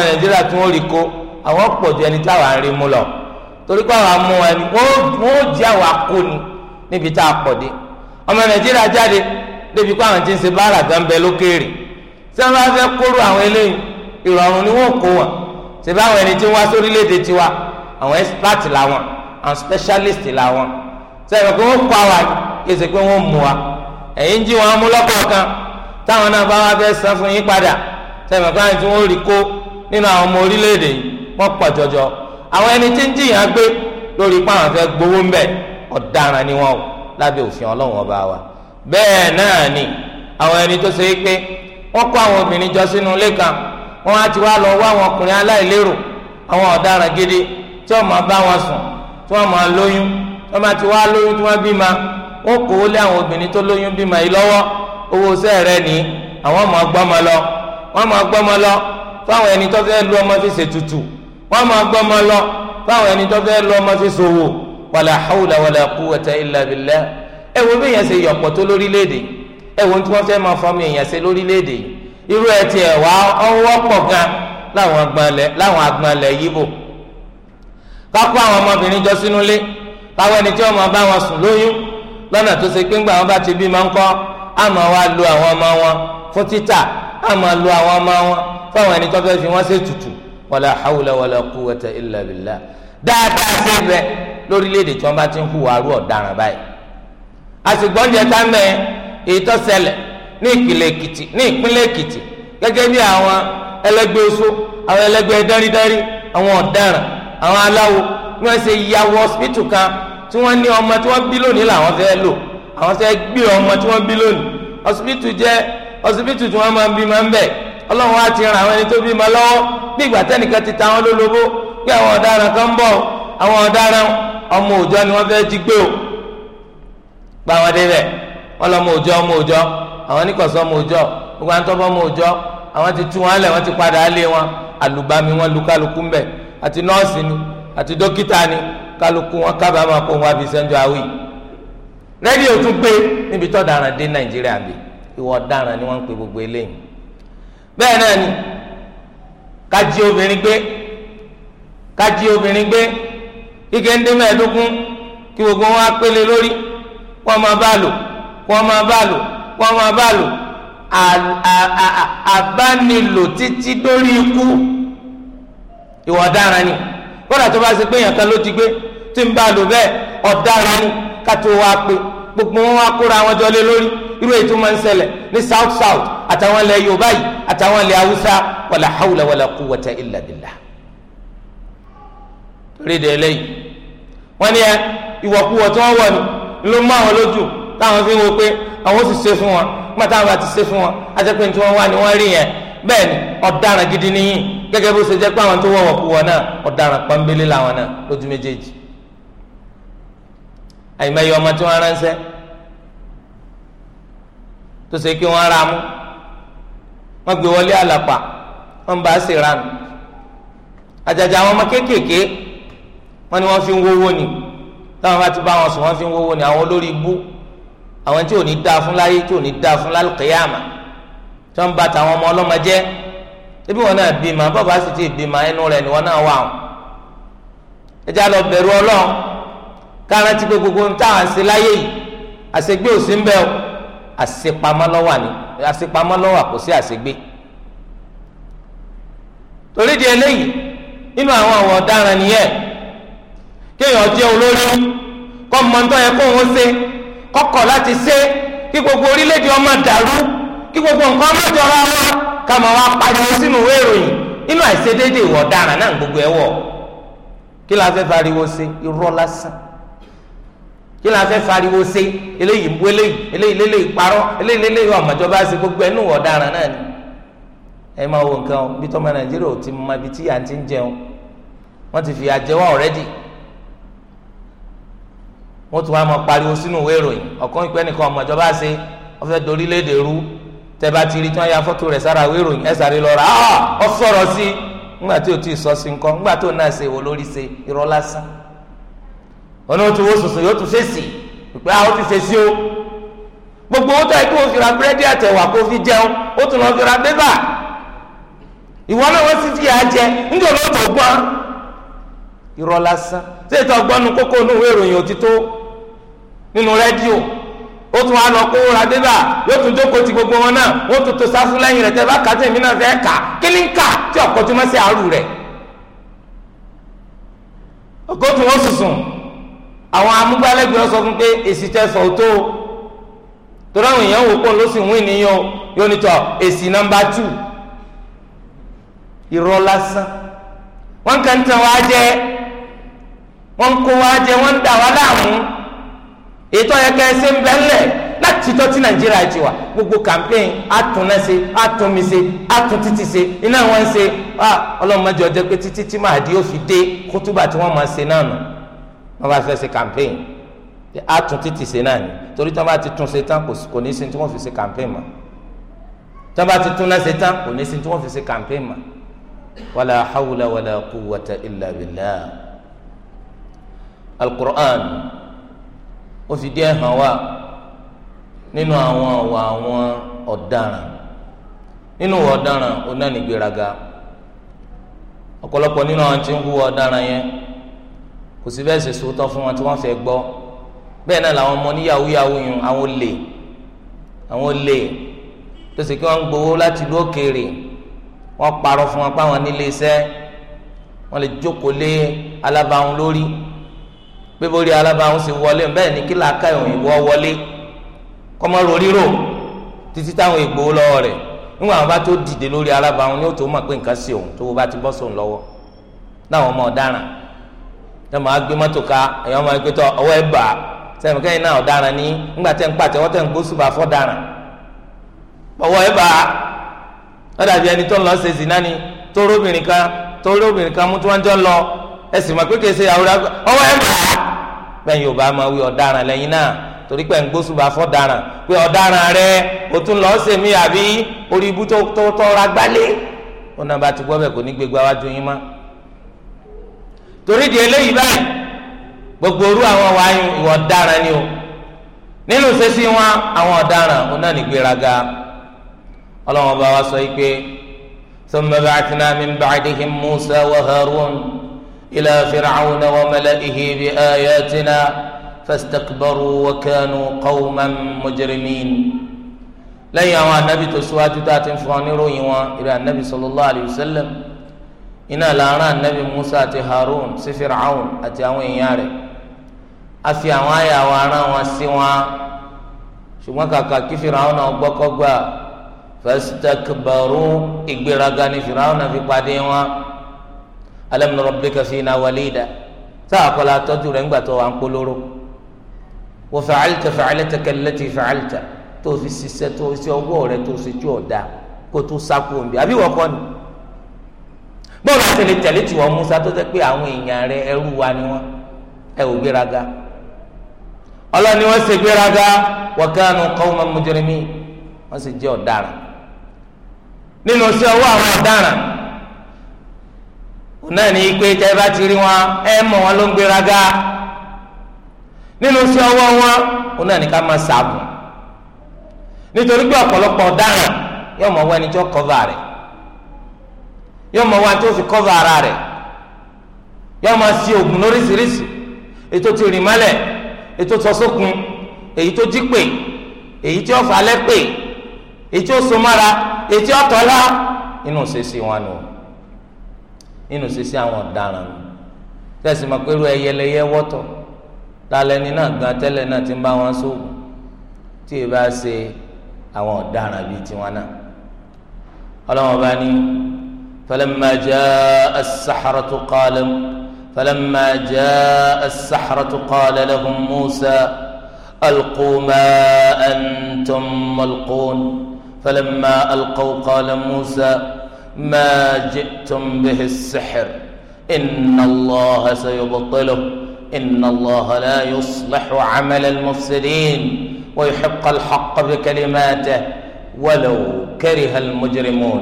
nàìjíríà wa ni ọmọ nàìjíríà jáde débi pé àwọn ti ń ṣe báárà tó ń bẹ lókèèrè tí wọn bá fẹ́ kóró àwọn eléyìí ìrọ̀rùn ni wọn kó wọn ṣèbí àwọn ẹni tí ń wá sórílẹ̀-èdè tiwa àwọn expert làwọn àwọn specialist làwọn sẹ́yìn pé wọ́n kó àwa kéṣe pé wọ́n mú wa ẹ̀yìn jí wọn mú lọ́kọ̀ọ̀kan táwọn náà bá wá fẹ́ san fún yín padà sẹ́yìn pé àwọn tí wọ́n rí kó nínú àwọn ọmọ orílẹ̀-èdè yìí wọ́n pọ̀ jọjọ àwọn ẹni tí ń jìyàn lábẹ́ òfin ọlọ́run ọba wa bẹ́ẹ̀ náà ni àwọn ẹni tó ṣe é pé wọ́n kó àwọn obìnrin jọ sínú ilé kan wọ́n á ti wá lọ wá àwọn ọkùnrin aláìlérò àwọn ọ̀daràn gidi tí wọ́n máa bá wọn sùn tí wọ́n máa lóyún tí wọ́n máa ti wá lóyún tí wọ́n bímọ wọ́n kó lé àwọn obìnrin tó lóyún bímọ yìí lọ́wọ́ owó iṣẹ́ rẹ̀ ní àwọn máa gbọ́mọ lọ wọ́n máa gbọ́mọ lọ fáwọn ẹni tó fẹ́ lu ọmọ fi ṣètùtù wọ́n máa gbọ́mọ lọ fáwọn ẹni tó fẹ́ lu ọmọ fi ṣòwò wàlà hawla wàlà quwwata illa billah ẹ wo bí èèyàn ṣe yọ̀pọ̀ tó lórílẹ̀‐èdè ẹ wo tí wọ́n fẹ́ máa fọmọ èèyàn ṣe lórílẹ̀‐èdè irú ẹ tiẹ̀ wá ọwọ́ pọ̀ gan láwọn agbanlẹ̀ yíbò kákó àwọn ọmọbìnrin jọ sínú ilé káwọn ẹni tí wọ́n máa bá wọn sùn lóyún lọ́nà tó ṣe pé ńgbà wọn bá ti bí máa ń kọ́ àmọ́ wa lo àwọn ọmọ wọn fún títà àmọ́ lo àwọn ọmọ wọn fáwọn ẹni tó fẹ́ fi wọ́n ṣètùtù wàlà hawla wàlà quwwata illa billah dáadáa ṣe ń bẹ lórílẹ̀‐èdè tí wọ́n ti ń hùwà arú ọ̀daràn báyìí àsìgbọ́n oúnjẹ tá mẹ́ ètò ní ìpínlẹ̀ èkìtì ní ìpínlẹ̀ èkìtì gẹ́gẹ́ bí àwọn ẹlẹgbẹ́ àwọn ẹlẹgbẹ́ dáridári àwọn ọ̀daràn àwọn ni ṣe ya wọ hospital kan tí wọ́n ní ọmọ tí wọ́n bí lónìí làwọn fẹ́ lò àwọn fẹ́ gbé ọmọ tí bí lónìí hospital jẹ́ hospital tí máa ń bí máa ń bẹ̀ ti ràn àwọn ẹni tó bí ma lọ́wọ́ bí ìgbà ti ta pé àwọn ọ̀daràn kan bọ̀ àwọn ọ̀daràn ọmọ òòjọ́ ni wọ́n fẹ́ jí gbé o gba àwọn débẹ̀ wọ́n lọ ọmọ òòjọ́ ọmọ òòjọ́ àwọn oníkọ̀sọ́ ọmọ òòjọ́ gbogbo àwọn tọ́fọ́ ọmọ òòjọ́ àwọn ti tún wọn wọ́n ti padà lé wọn àlùbami wọn lu kálukú àti nọ́ọ̀sì ni àti dókítà ni kálukú wọn kó wọn àbí rẹ́díò tún níbi tó daràn dé ni wọ́n ń gbogbo eléyìí bẹ́ẹ̀ náà ni obìnrin gbé kájí obìnrin gbé kíkẹ́ ń dé mẹ́ẹ̀ẹ́dógún kí gbogbo wọn á pélé lórí wọ́n máa bá lò wọ́n máa bá lò wọ́n máa bá lò àbánilò títí dórí ikú ìwà ọ̀daràn ni kódà tó bá ṣe pé èèyàn kan ló ti gbé tí ń bá lò bẹ́ẹ̀ ọ̀daràn ni kátó wá pé gbogbo wọn wá kóra wọn jọ lé lórí irú èyí tó máa ń ṣẹlẹ̀ ní south south àtàwọn ilẹ̀ yorùbá yìí àtàwọn ilẹ̀ haúsá wàlà haúlà wàlà ríde eléyìí wọ́n ní ẹ ìwọ̀kuwọ̀ tí wọ́n wọ̀ ni ló mú àwọn lójú táwọn fi ń wo pé àwọn sì ṣe fún wọn nígbà táwọn àti ṣe fún wọn àtẹ́pẹ́ tí wọ́n wá ni wọ́n rí yẹn bẹ́ẹ̀ ni ọ̀daràn gidi nìyí gẹ́gẹ́ bó ṣe jẹ́ pé àwọn tó wọ̀ wọ̀kuwọ̀ náà ọ̀daràn pọ́nbélé làwọn náà lójú méjèèjì àyìnbáyé ọmọ tí wọ́n ránṣẹ́ tó ṣe kí wọ́n ra mú wọ́n gbé wọlé àlàpà wọ́n bá ṣèrànù àjàjà àwọn ọmọ kéékèèké wọ́n ní wọ́n fi ń wówó ni táwọn bá ti bá wọn sùn wọ́n fi ń wówó ni àwọn olórí ibú àwọn tí ò ní dáa fún láyé tí ò ní dáa fún lálùkìyàmà tí wọ́n ń tàwọn ọmọ ọlọ́mọ jẹ́ ebi wọn náà bímọ bàbá sì ti bímọ ẹnu rẹ̀ ni wọn náà wà wọn ẹjẹ alọ bẹ̀rù Ọlọ́run kára ti pé gbogbo ń táwọn ṣe láyé yìí àṣegbé ò sí ń bẹ o àṣepamọ́ lọ́wọ́ ni àṣepamọ́ kò sí àṣegbé torí di eléyìí nínú àwọn àwọn ọ̀daràn nìyẹn. kéèyàn jẹ́ olórí kọ́ mọ̀ntọ́ yẹ kó òun ṣe kọ́kọ́ láti ṣe kí gbogbo orílẹ̀-èdè ọmọ dàrú kí gbogbo nǹkan ọmọ jọra wọn ká máa wá pariwo sínú ìwé ìròyìn inú àìṣedéédé ìwọ̀ ọ̀daràn náà gbogbo ẹ̀ kí la fẹ́ fariwo ṣe irọ́ lásán kí la fẹ́ fariwo ṣe eléyìí bú eléyìí eléyìí parọ́ eléyìí ṣe gbogbo ẹ̀ wọ́n tún wá pariwo sínú ìwé ìròyìn ọ̀kan ìpẹ́ nìkan ọmọjọba ṣe ọfẹ́ dorile rú ti rí tí wọ́n ya fọ́tò rẹ̀ sára ìwé ìròyìn ẹ̀ sáré ọ ah! sọ̀rọ̀ sí i o ti sọ sí nǹkan ńgbà tó náà ṣe wò lórí ṣe irọ́ lásán ọ̀nà tó wọ́n sọ̀sọ̀ yóò tún ṣe sí ìpè àwọn ah, ti ṣe sí o gbogbo owó tó yẹ kí fi nínú redio ó tún wá lọ kó ra yóò tún jókòó ti gbogbo wọn náà wọn tún tó sáfù lẹ́yìn rẹ̀ tẹ́ kàtó èmi náà fẹ́ kà kí ni ń kà tí ọkọ tó rẹ̀ sùsùn àwọn sọ fún pé èsì tẹ sọ tó torí àwọn èèyàn wò pọ̀ ló sì yóò ní tọ èsì tù lásán ètò ẹ̀ka ẹ̀sìn bẹ́ẹ̀lẹ̀ láti tọ́ tí nàìjíríà ti wà gbogbo campaign àtúnnáṣe àtúnmiṣe àtúntítíṣe iná wọn ṣe ọlọ́mọdé ọjọ́ pé títí tí máa di òfin dé kótóbà tí wọ́n máa ṣe náà nù wọ́n bá fẹ́ ṣe campaign àtúntítíṣe náà ni torí tí wọ́n bá ti tún ṣe tán kò ní sí tí wọ́n fi ṣe campaign mọ́ tí wọ́n bá ti tún náà ṣe tán kò ní sí tí wọ́n fi ṣe campaign mọ́ wàlá hawla wàlá kúwàtà ìlà bìlà ó fi díẹ̀ hàn wá nínú àwọn ọ̀wọ̀ àwọn ọ̀daràn nínú ọ̀daràn onánigbéraga ọ̀pọ̀lọpọ̀ nínú àwọn tí ń hu ọ̀daràn yẹn kò sí bẹ́ẹ̀ sì sòótọ́ fún wọn tí wọ́n fẹ́ gbọ́ bẹ́ẹ̀ náà làwọn ọmọ níyàwó yàwó yun àwọn olè àwọn olè tó sì kí wọ́n ń gbowó láti ìlú òkèèrè wọ́n parọ́ fún wọn pé àwọn nílé iṣẹ́ wọ́n lè jókòó lé alábàáhùn lórí pé borí alábàáhùn wọle, wọlé bẹ́ẹ̀ ni kí làákà òyìnbó wọlé kọ́mọ́ rorírò títí táwọn ìgbòho lọ́wọ́ rẹ̀ níwọ̀n àwọn bá tó dìde lórí alábàáhùn ni ó mọ̀ pé nǹkan sí òun tó bá ti bọ́ sóun lọ́wọ́ láwọn ọmọ ọ̀daràn tẹ́ mọ̀ á gbé mọ́tò ká ẹ̀yọ́ ọwọ́ bà á sẹ́mi kẹ́yìn náà ọ̀daràn ní tẹ́ ń tẹ́ ń ọwọ́ bà á ẹni ẹsìn máa kékeré ṣe àwòrán ọwọ́ ẹ̀ máa bẹ́ẹ̀ yóò bá máa wí ọ̀daràn lẹ́yìn náà torí pé ńgbósùbà fọ́daràn pé ọ̀daràn rẹ o tún lọ́ọ́ sèmi àbí orí ibú tó tọ́ra gbálé ó náà bá ti gbọ́ bẹ́ẹ̀ kò ní gbégbá wájú yín mọ́ torí di eléyìí báyìí gbogbo orú àwọn wáyé ìwọ ọ̀daràn ni o nínú sẹ́sí wọn àwọn ọ̀daràn ó náà ní ọlọ́wọ́n bá wa sọ yìí pé summa ba'athna min ba'dihim Musa wa Harun. إلى فرعون وملئه بآياتنا فاستكبروا وكانوا قوما مجرمين lẹ́yìn àwọn anabi tó síwájú tá a ti ń fún ọ níròyìn wọn ìrẹ anabi sallallahu alayhi wa sallam iná làárọ̀ anabi musa àti harun sí firaun àti àwọn èèyàn rẹ̀ a fi àwọn àyà wa ara wọn sí wọn ṣùgbọ́n firaun náà gbọ́kọ́gbà fastakbaru ìgbéraga ni firaun náà fi pàdé wọn alam nurabbika fina walida sáà kọ́lá tọ́jú rẹ̀ ńgbà tó wà ń polóró wa fa'alta fa'alataka allati fa'alta tó fi ṣiṣẹ́ tó ṣe ọwọ́ rẹ̀ tó ṣe tí ò da kó tó sáku òǹbí àbí wọ́n ni bọ́ọ̀lù àtẹlẹ tẹ̀lé tí Musa tó tẹ́ pé àwọn èèyàn rẹ̀ ẹrú wa ni wọ́n ẹ ò gbéraga ọlọ́ni wọ́n ṣe gbéraga wa kanu qawman wọ́n sì jẹ́ ọ̀daràn nínú sí ọwọ́ àwọn ọ̀daràn. náà ní pé tẹ́ bá ti rí wọn ẹ mọ̀ wọn ló ń gbéraga nínú sí ọwọ́ wọn òun náà ní ká máa ṣàbùn nítorí pé ọ̀pọ̀lọpọ̀ ọ̀daràn yóò mọ̀ wọ́n ẹni tó kọ́va rẹ̀ yóò mọ̀ ẹni tó fi kọ́va ara rẹ̀ yóò máa sí oògùn lóríṣiríṣi ti rìn mọ́lẹ̀ sọ sọ́sọ́kun èyí tó jí pè èyí tí ó falẹ́ èyí so mára èyí tí tọ́lá inú ṣe wọn nínú sisi àwọn ọ̀daràn mi tẹ̀sí ma pé irú ẹyẹlẹyẹ wọ́tọ̀ lálẹ́ni náà gan tẹ́lẹ̀ náà ti ń bá wọn sóògùn tí ì bá ṣe àwọn ọ̀daràn bíi tiwọn náà ọlọ́wọ́n bá ní falamma jaa as-sahratu qala falamma Musa alqu antum malqun falamma alqaw qala Musa. ما جئتم به السحر إن الله سيبطله إن الله لا يصلح عمل المفسدين ويحق الحق بكلماته ولو كره المجرمون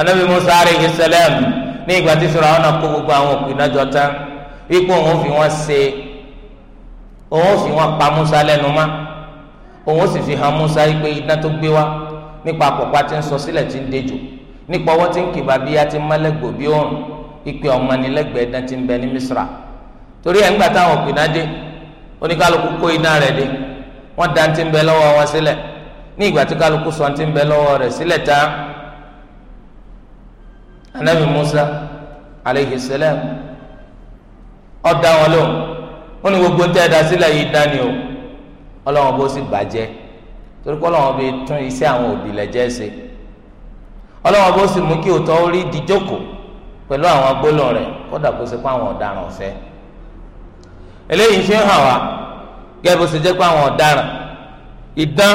النبي موسى عليه السلام nígbà tí Fíráúnà kó gbogbo àwọn òpinna jọ tán wípé òun fi wọn ṣe òun fi wọn pa Musa lẹ́nu mọ́ òun sì fi hàn Musa wípé iná tó gbé wá nípa àpọ̀pá tí ń sọ sílẹ̀ tí ń dejò nípa ọwọ́ tí ń kì bàbí ya ti mọ́lẹ́gbò bí òrùn ìpè ọ̀mọ́nilẹ́gbẹ̀ẹ́ dán ti ń bẹ ní Misra torí ẹ̀ ńgbà táwọn òpin náà dé oníkálukú kó iná rẹ̀ dé wọ́n dá ti ń bẹ lọ́wọ́ wọn sílẹ̀ ní ìgbà tí kálukú sọ ti ń bẹ lọ́wọ́ rẹ̀ sílẹ̀ tá anabi Musa aleyhi salam ọ̀dà wọn lóhùn ó ní gbogbo tẹ́ ẹ dá sílẹ̀ yìí dání o ọlọ́wọ́n bó sì bàjẹ́ torí kọ́ ọlọ́wọ́n bí tún iṣẹ́ àwọn òbí lẹ́jẹ́ ṣe ọlọ́wọ́n bó sì mú kí òótọ́ orí dìjókòó pẹ̀lú àwọn gbólọ̀ rẹ̀ kódà kó ṣe pé àwọn ọ̀daràn ọ̀fẹ́ eléyìí ṣe ń hàn wá gẹ́gẹ́ bó ṣe jẹ́ pé àwọn ọ̀daràn ìdán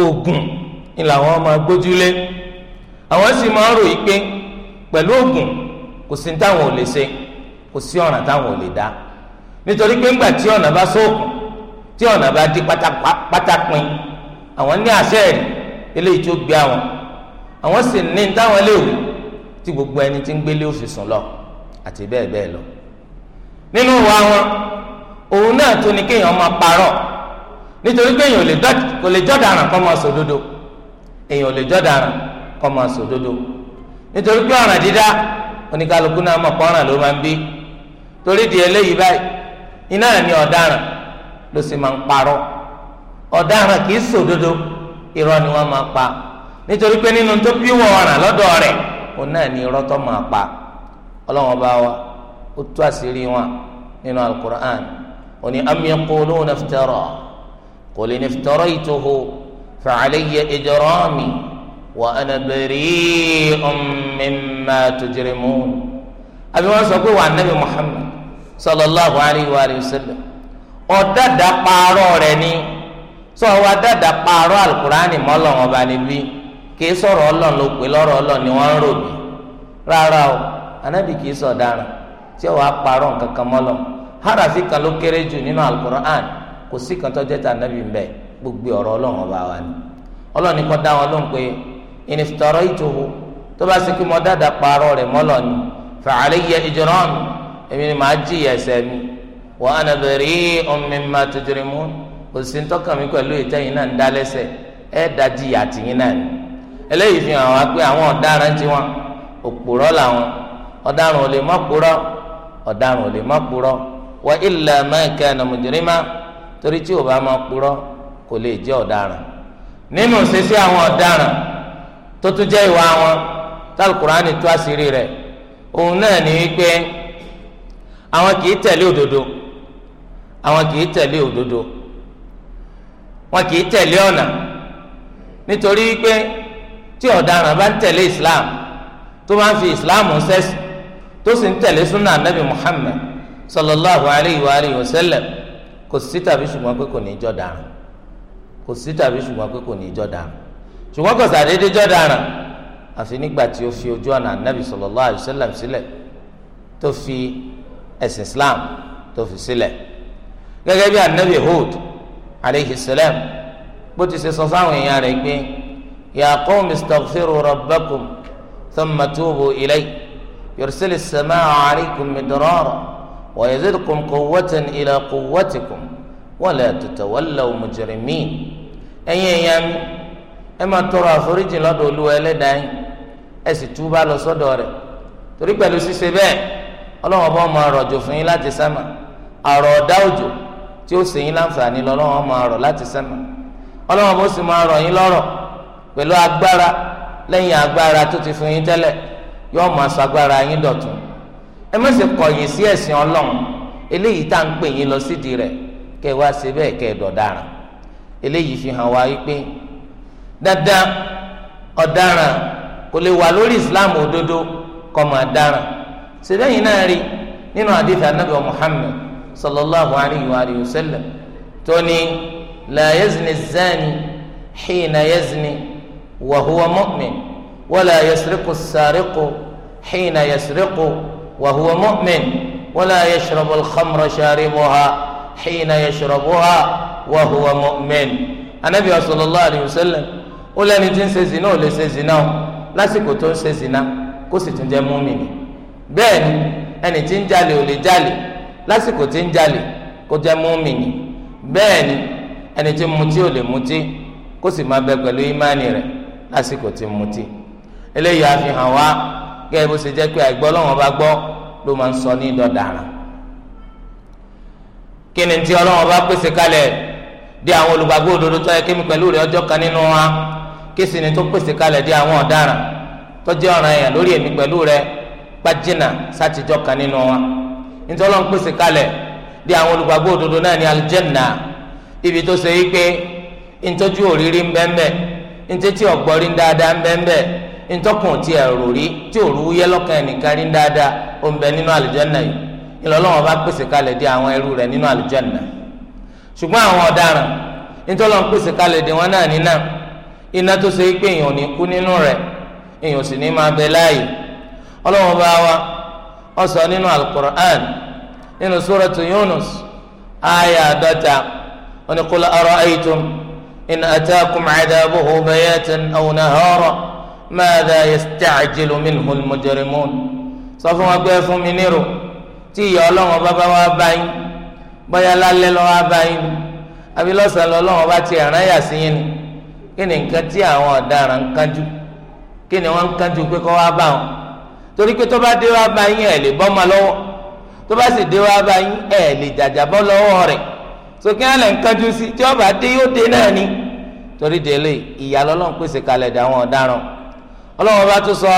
oògùn ni làwọn máa gbójúlé àwọn sì máa ń ròyìn pé pẹ̀lú oògùn kò sí táwọn ò lè ṣe kò sí ọ̀ràn táwọn ò lè dá nítorí pé ńgbà tí ọ̀nà bá sóògùn tí ọ̀nà bá di pátápín àwọn ní àṣẹ rí eléyìí tó gbé àwọn àwọn sì ní táwọn léwu tí gbogbo ẹni tí ń gbélé òfin sùn lọ àti bẹ́ẹ̀ bẹ́ẹ̀ lọ nínú wa wọn òun náà tó ní kéèyàn máa parọ́ nítorí pé èèyàn kò lè jọ́ dáràn kọ́ máa sòdodo èèyàn ò lè jọ́ dáràn kọ́ máa sòdodo nítorí pé ọ̀ràn dídá oníkálukú náà mọ̀ pọ́nrán ló máa ń bí torí di eléyìí báyìí iná ni ọ̀daràn ló sì máa ń parọ́ ọ̀daràn kì í sòdodo irọ́ ni wọ́n máa pa nítorí pé nínú tó bí wọ́n ọ̀ràn lọ́dọ̀ rẹ̀ òun náà ní irọ́ tó máa pa ọlọ́wọ́n bá wa ó tú àṣírí wọn nínú alukur'an òní am yaquluna iftara qul in iftaraytuhu fa'alayya ijrami wa ana bari'un mimma tujrimun àbí wọ́n sọ pé wà nabi Muhammad sallallahu alayhi wa sallam ọ̀dàdà pààrọ̀ rẹ̀ ni sọ wa dàdà pààrọ̀ alukur'an mọ́lọ́wọ́n bá níbí kìí sọ̀rọ̀ ọlọ́run ló pè lọ́rọ̀ ọlọ́run ni wọ́n ń rò mí rárá o anábì kìí sọ ọ̀daràn tí ó wàá parọ́ nǹkan kan mọ́lọ́ harafi kan ló kéré jù nínú alukur'an kò sí kan tó jẹ́ tà anábì mbẹ́ gbogbo ọ̀rọ̀ ọlọ́run ọba wa ni ọlọ́run ni kò dá wọn lóhùn pé ìnìfitọ́rọ́ ìtòho tó bá sì kí dáadáa parọ́ rẹ̀ mọ́lọ́ ni fàálẹ́ yẹ ìjọ́rọ́ èmi ni màá jí ẹsẹ̀ mi wọ́n á nàbẹ̀rẹ̀ eléyìí fi hàn wá pé àwọn ọ̀daràn ti wọn òpùrọ́ làwọn ọ̀daràn ò lè má purọ́ ọ̀daràn ò lè má purọ́ wa illa ma kana torí tí ò má purọ́ kò lè jẹ́ ọ̀daràn nínú ṣíṣe àwọn ọ̀daràn tó tún jẹ́ ìwà wọn tálùkùránì tú àṣírí rẹ̀ òun náà ní wípé àwọn kì í tẹ̀lé òdodo àwọn kì í tẹ̀lé òdodo wọn kì í tẹ̀lé ọ̀nà tí ọ̀daràn bá ń tẹ̀lé islam tó bá ń fi islam sẹ́sì tó sì ń tẹ̀lé sunnah nabi muhammad sallallahu alayhi wa alayhi wa sallam kò sí tàbí ṣùgbọ́n pé kò ní í jọ dàrán kò sí tàbí ṣùgbọ́n pé kò ní í jọ dàrán ṣùgbọ́n kò sàdédé jọ dàrán àfi nígbà tí ó fi ojú ọ̀nà nabi sallallahu alayhi wa sallam sílẹ̀ tó fi ẹ̀sìn islam tó fi sílẹ̀ gẹ́gẹ́ bí anabi hud alayhi salam bó ti ṣe sọ fáwọn èèyàn rẹ̀ gbé يا قوم استغفروا ربكم ثم توبوا إليه يرسل السماء عليكم مدرارا ويزدكم قوة إلى قوتكم ولا تتولوا مجرمين أي أيام أما ترى فرج لا دولوا لدين أسي توبا لصدور تريد بلو سيسيبين الله أبا ما رجو فين لا تسمى أرى داوجو tí ó sèyìn láǹfààní lọ́lọ́wọ́ máa rọ̀ láti sẹ́mà ọlọ́wọ́ bó sì máa rọ̀ pẹ̀lú agbára lẹ́yìn agbára tó ti fún yín tẹ́lẹ̀ yóò máa sọ agbára yín dọ̀tun ẹ má ṣe kọ̀yìn sí ẹ̀sìn ọlọ́run eléyìí tá à ń pè yín lọ sídìí rẹ̀ kẹ́ ẹ wá ṣe bẹ́ẹ̀ kẹ́ ẹ dọ̀daràn eléyìí fi hàn wá wípé dandan ọ̀daràn kò lè wà lórí islam òdodo kọ́ máa daràn sèbẹ́yìn náà rí nínú àdìsí anábì muhammed sallallahu alayhi wa sallam tó ní la yazni zani hina yazni wa huwa mu'min wala yasriqu as-sariqu hina yasriqu wa huwa mu'min wala yashrabu al-khamra sharibuha hina yashrabuha wa huwa mu'min anabi sallallahu alayhi wa sallam ó lẹ́ni tí ń ṣe zina ó lè ṣe zina o lásìkò tó ń ṣe zina kó sì tún jẹ́ múmìnì bẹ́ẹ̀ ni ẹni tí ń jalè ò lè jalè lásìkò tí ń jalè kó jẹ́ múmìnì bẹ́ẹ̀ ni ẹni tí ń mutí ò lè mutí kó sì máa bẹ pẹ̀lú ìmánì rẹ̀ lásìkò tí ń mutí eléyìí àfihàn wa gẹ́gẹ́ bó ṣe jẹ́ pé àìgbọ́ Ọlọ́run bá gbọ́ ló máa ń sọ ní ìdọ̀daràn kí ni tí Ọlọ́run bá pèsè kalẹ̀ di àwọn olùgbàgbọ́ òdodo tó yẹ kémi pẹ̀lú rẹ̀ ọjọ́ kan nínú wa kí sì ni tó pèsè kalẹ̀ di àwọn ọ̀daràn tó jẹ́ ọ̀ràn èèyàn lórí èmi pẹ̀lú rẹ̀ gbajìnà sátijọ́ kan nínú wa nítorí Ọlọ́run pèsè kalẹ̀ di àwọn olùgbàgbọ́ òdodo náà ní aljanna ibi tó ṣe yí pé ntọ́jú òrírí ń bẹ́ẹ̀ bẹ́ẹ̀ ntẹ́tí ọ̀gbọ́n rí dáadáa ń bẹ́ ń bẹ́ ntọ́kùn tí ẹ̀ rò rí tí òru yẹ lọ́kàn ẹnìkan rí dáadáa ó ń bẹ nínú àlùjànnà yìí ìlọ́lọ́wọ́n bá pèsè kalẹ̀ dé àwọn ẹrú rẹ̀ nínú àlùjànnà ṣùgbọ́n àwọn ọ̀daràn ntọ́lọ́n pèsè kalẹ̀ dé wọn náà nínà iná tó ṣe pé èèyàn ò ní kú nínú rẹ̀ èèyàn sì ní máa bẹ láàyè ọlọ́wọ́n bá wa ó sọ nínú alukur'an nínú suratu Yunus aya àdọ́ta ó ní qul ara'aytum إن أتاكم عذابه بياتا أو نهارا ماذا يستعجل منه المجرمون صفوا أقف من نيرو تي يولون وبابا واباين بيا لالي لو واباين أبي لو سألولون وباتي أنا ياسين kíni nǹkan tí àwọn ọ̀daràn ń kánjú kíni wọ́n ń kánjú pé kọ́ wá bá wọn torí pé tó bá dé bá yín ẹ̀ lè bọ́ ọmọ lọ́wọ́ tó bá sì dé bá yín ẹ̀ lè jàjà bọ́ lọ́wọ́ rẹ̀ sókè alẹ̀ ń kájú sí tí ọba dé yóò dé náà ni torí délé ìyá lọ́lọ́run pèsè kalẹ̀ dà wọn ọ̀daràn ọlọ́run bá tún sọ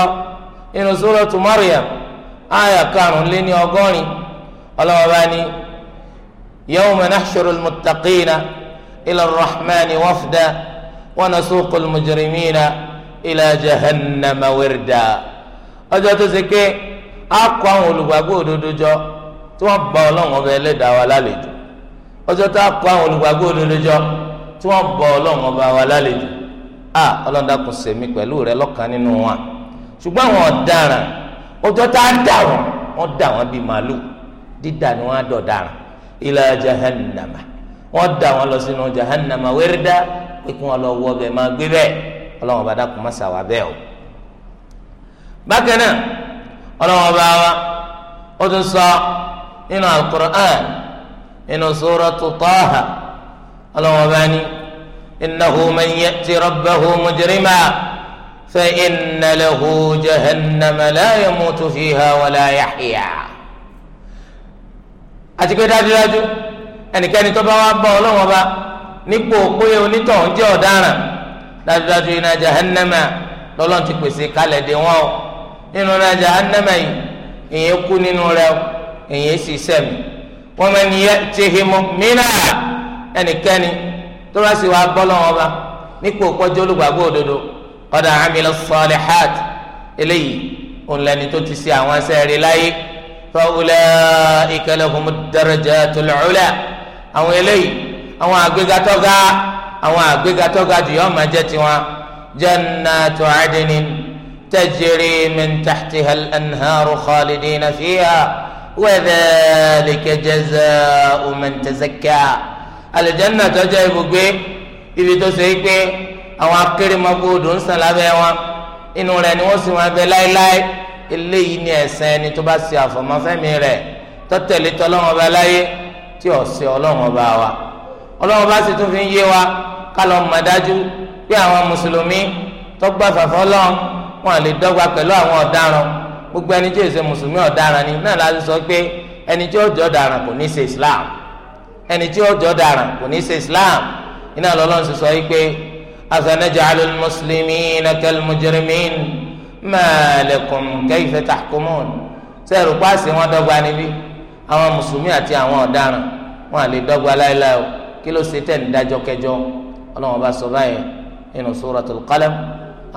inú suratu Maryam àyà karùn-ún lé ní ọgọ́rin ọlọ́run bá ní yawma nahshurul muttaqina ila rahmani wafda wa nasuqul mujrimina ila jahannama wirda ọjọ́ tó ṣe pé a àwọn olùgbàgbọ́ òdodo jọ tí wọ́n bá ọlọ́run ọba ẹlẹ́dàá wa lálejò ọjọ́ tá a kó àwọn olùgbàgbọ́ òdodo jọ tí wọ́n bọ ọlọ́run ọba wa lálejò a ọlọ́run dákun sèmi pẹ̀lú rẹ lọ́kàn nínú wọn ṣùgbọ́n àwọn ọ̀daràn ọjọ́ tá a dà wọ́n wọ́n dà wọ́n bíi màálù dídà ni wọ́n á dọ̀ daràn ila jahannama wọ́n dà wọ́n lọ sínú jahannama wẹ́rẹ́dá pé kí wọ́n lọ wọ ọbẹ̀ máa gbé bẹ́ẹ̀ ọlọ́run ọba dákun má ṣàwà bẹ́ẹ̀ o bákan náà ọlọ́run ọba wa ó tún sọ nínú al-Qur'an inú suratu Taha ọlọ́wọ́n bá ní innahu man ya'ti rabbahu mujrima fa inna lahu jahannama la yamutu fiha wa la yahya. àti pé dájúdájú ẹnikẹ́ni tó bá wá bá ọlọ́wọ́n bá nípò òpóyè onítọ̀hún jẹ́ ọ̀daràn dájúdájú iná jahannama lọ́lọ́n ti pèsè kalẹ̀ dé wọn o nínú iná jahannama yìí èyí kú nínú rẹ̀ èyí sì sẹ́mi wa man ya'tihi mu'mina ẹnikẹ́ni tó bá sì wàá bọ́ lọ́wọ́ bá nípò kọjú olùgbàgbọ́ òdodo qad amila salihat eléyìí òun lẹni tó ti ṣe àwọn sẹ́ẹ̀rì láyé fa ulaika lahumu darajatul ula àwọn eléyìí àwọn àgbéga àwọn àgbéga tó ga jù yóò tiwọn jannatu adnin tajri min tahtiha anharu khalidina fiha wadhalika jazaa'u man tazakka àlùjánnà tó jẹ́ ibùgbé ibi tó ṣe é pé àwọn akérèmọ́bòdò ń sàn lábẹ́ wọn inú rẹ̀ ni wọ́n sì wọn abẹ láéláé eléyìí ni ẹ̀sán ẹni tó bá ṣe àfọ̀mọ́fẹ́mi rẹ̀ tọ́tẹ̀lé tọ́lọ́run ọba láyé tí ọ̀sẹ̀ ọlọ́run ọba wa ọlọ́run ọba sì tún fi ń yé wa ká lọ mọ̀ dájú pé àwọn mùsùlùmí tọ́gbà fàfọ́ lọ́n wọn lè dọ́gba pẹ̀lú àwọn ọ̀daràn gbogbo ẹni tí ó ṣe mùsùlùmí ọ̀daràn ni náà láti sọ pé ẹni tí ó jọ ọ̀daràn kò ní ṣe islam ẹni tí ó jọ ọ̀daràn kò ní ṣe islam iná lọ́lọ́run sọ yìí pé asanaj'alul muslimina kal mujrimin ma lakum kayfa tahkumun sẹ́ẹ̀rù páàsì wọn dọ́gba níbí àwọn mùsùlùmí àti àwọn ọ̀daràn wọn à lè láéláé o kí ló ṣe tẹ̀ ń dájọ́ kẹjọ́ ọlọ́run ọba sọ báyẹn nínú suratul qalam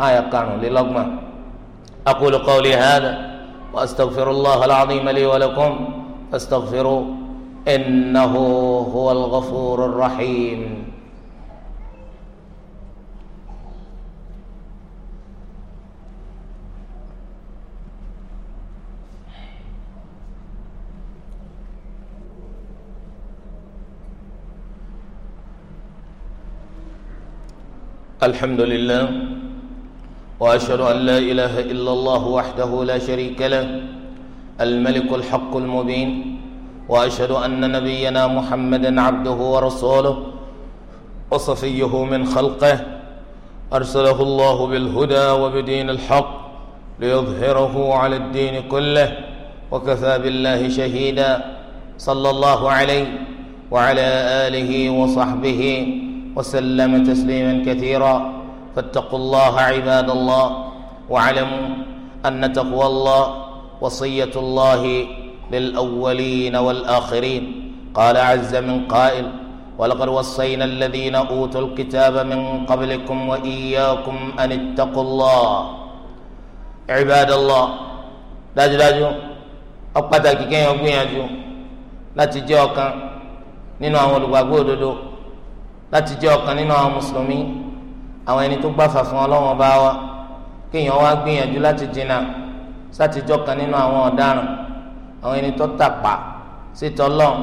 àyà karùnlélọ́gbọ̀n أقول قولي هذا وأستغفر الله العظيم لي ولكم فاستغفروا إنه هو الغفور الرحيم الحمد لله واشهد ان لا اله الا الله وحده لا شريك له الملك الحق المبين واشهد ان نبينا محمدا عبده ورسوله وصفيه من خلقه ارسله الله بالهدى وبدين الحق ليظهره على الدين كله وكفى بالله شهيدا صلى الله عليه وعلى اله وصحبه وسلم تسليما كثيرا فاتقوا الله عباد الله واعلموا ان تقوى الله وصيه الله للاولين والاخرين قال عز من قائل ولقد وصينا الذين اوتوا الكتاب من قبلكم واياكم ان اتقوا الله عباد الله dájúdájú ọpàtàkì kéèyàn gbìyànjú láti jẹ ọ̀kan لا àwọn olùgbàgbọ́ òdodo láti jẹ ọ̀kan nínú àwọn àwọn ẹni tó gbáfà fún ọlọ́wọ́n bá wa kéèyàn wá gbìyànjú láti jìnnà sátijọ́ kan nínú àwọn ọ̀daràn àwọn ẹni tó tàpá sítọ́ lọ́n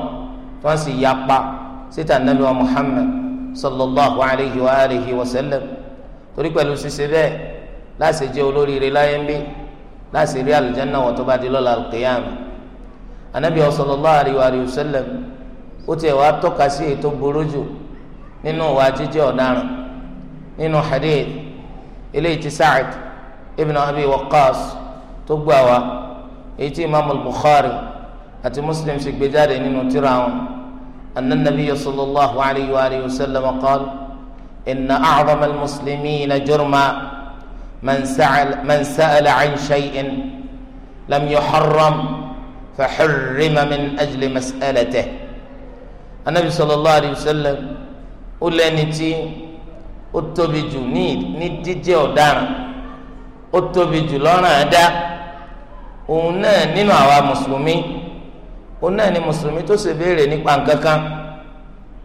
tí wọ́n sì yapa síta nàbí wa Muhammad sallallahu alayhi wa alihi wa sallam torí pẹ̀lú ṣíṣe bẹ́ẹ̀ láti jẹ́ olóríire láyé ń bí láti rí àlùjáná wọ̀ tó bá di lọ́la alqiyam anabi sallallahu alayhi wa sallam ó tiẹ̀ wá tọ́ka sí ètò burú nínú ìwà jíjẹ́ ọ̀daràn nínú hadith eléyìí ti Sa'd ibn Abi Waqqas tó gbà wá èyí tí imaamu Bukhari àti Muslim sì gbé jáde nínú tírà wọn anna nabiyya sallallahu alayhi wa alihi wa sallam qaal inna a'zama al-muslimina jurma man sa'ala man sa'ala an shay'in lam yuharram fa hurrima min ajli mas'alatihi anabi sallallahu alayhi wa sallam ó lẹ́ni tí ó tóbi jù ní ní jíjẹ́ ọ̀daràn ó tóbi jù lọ́ràn ẹ̀dá òun náà nínú àwa mùsùlùmí òun náà ni mùsùlùmí tó ṣe béèrè nípa nǹkan kan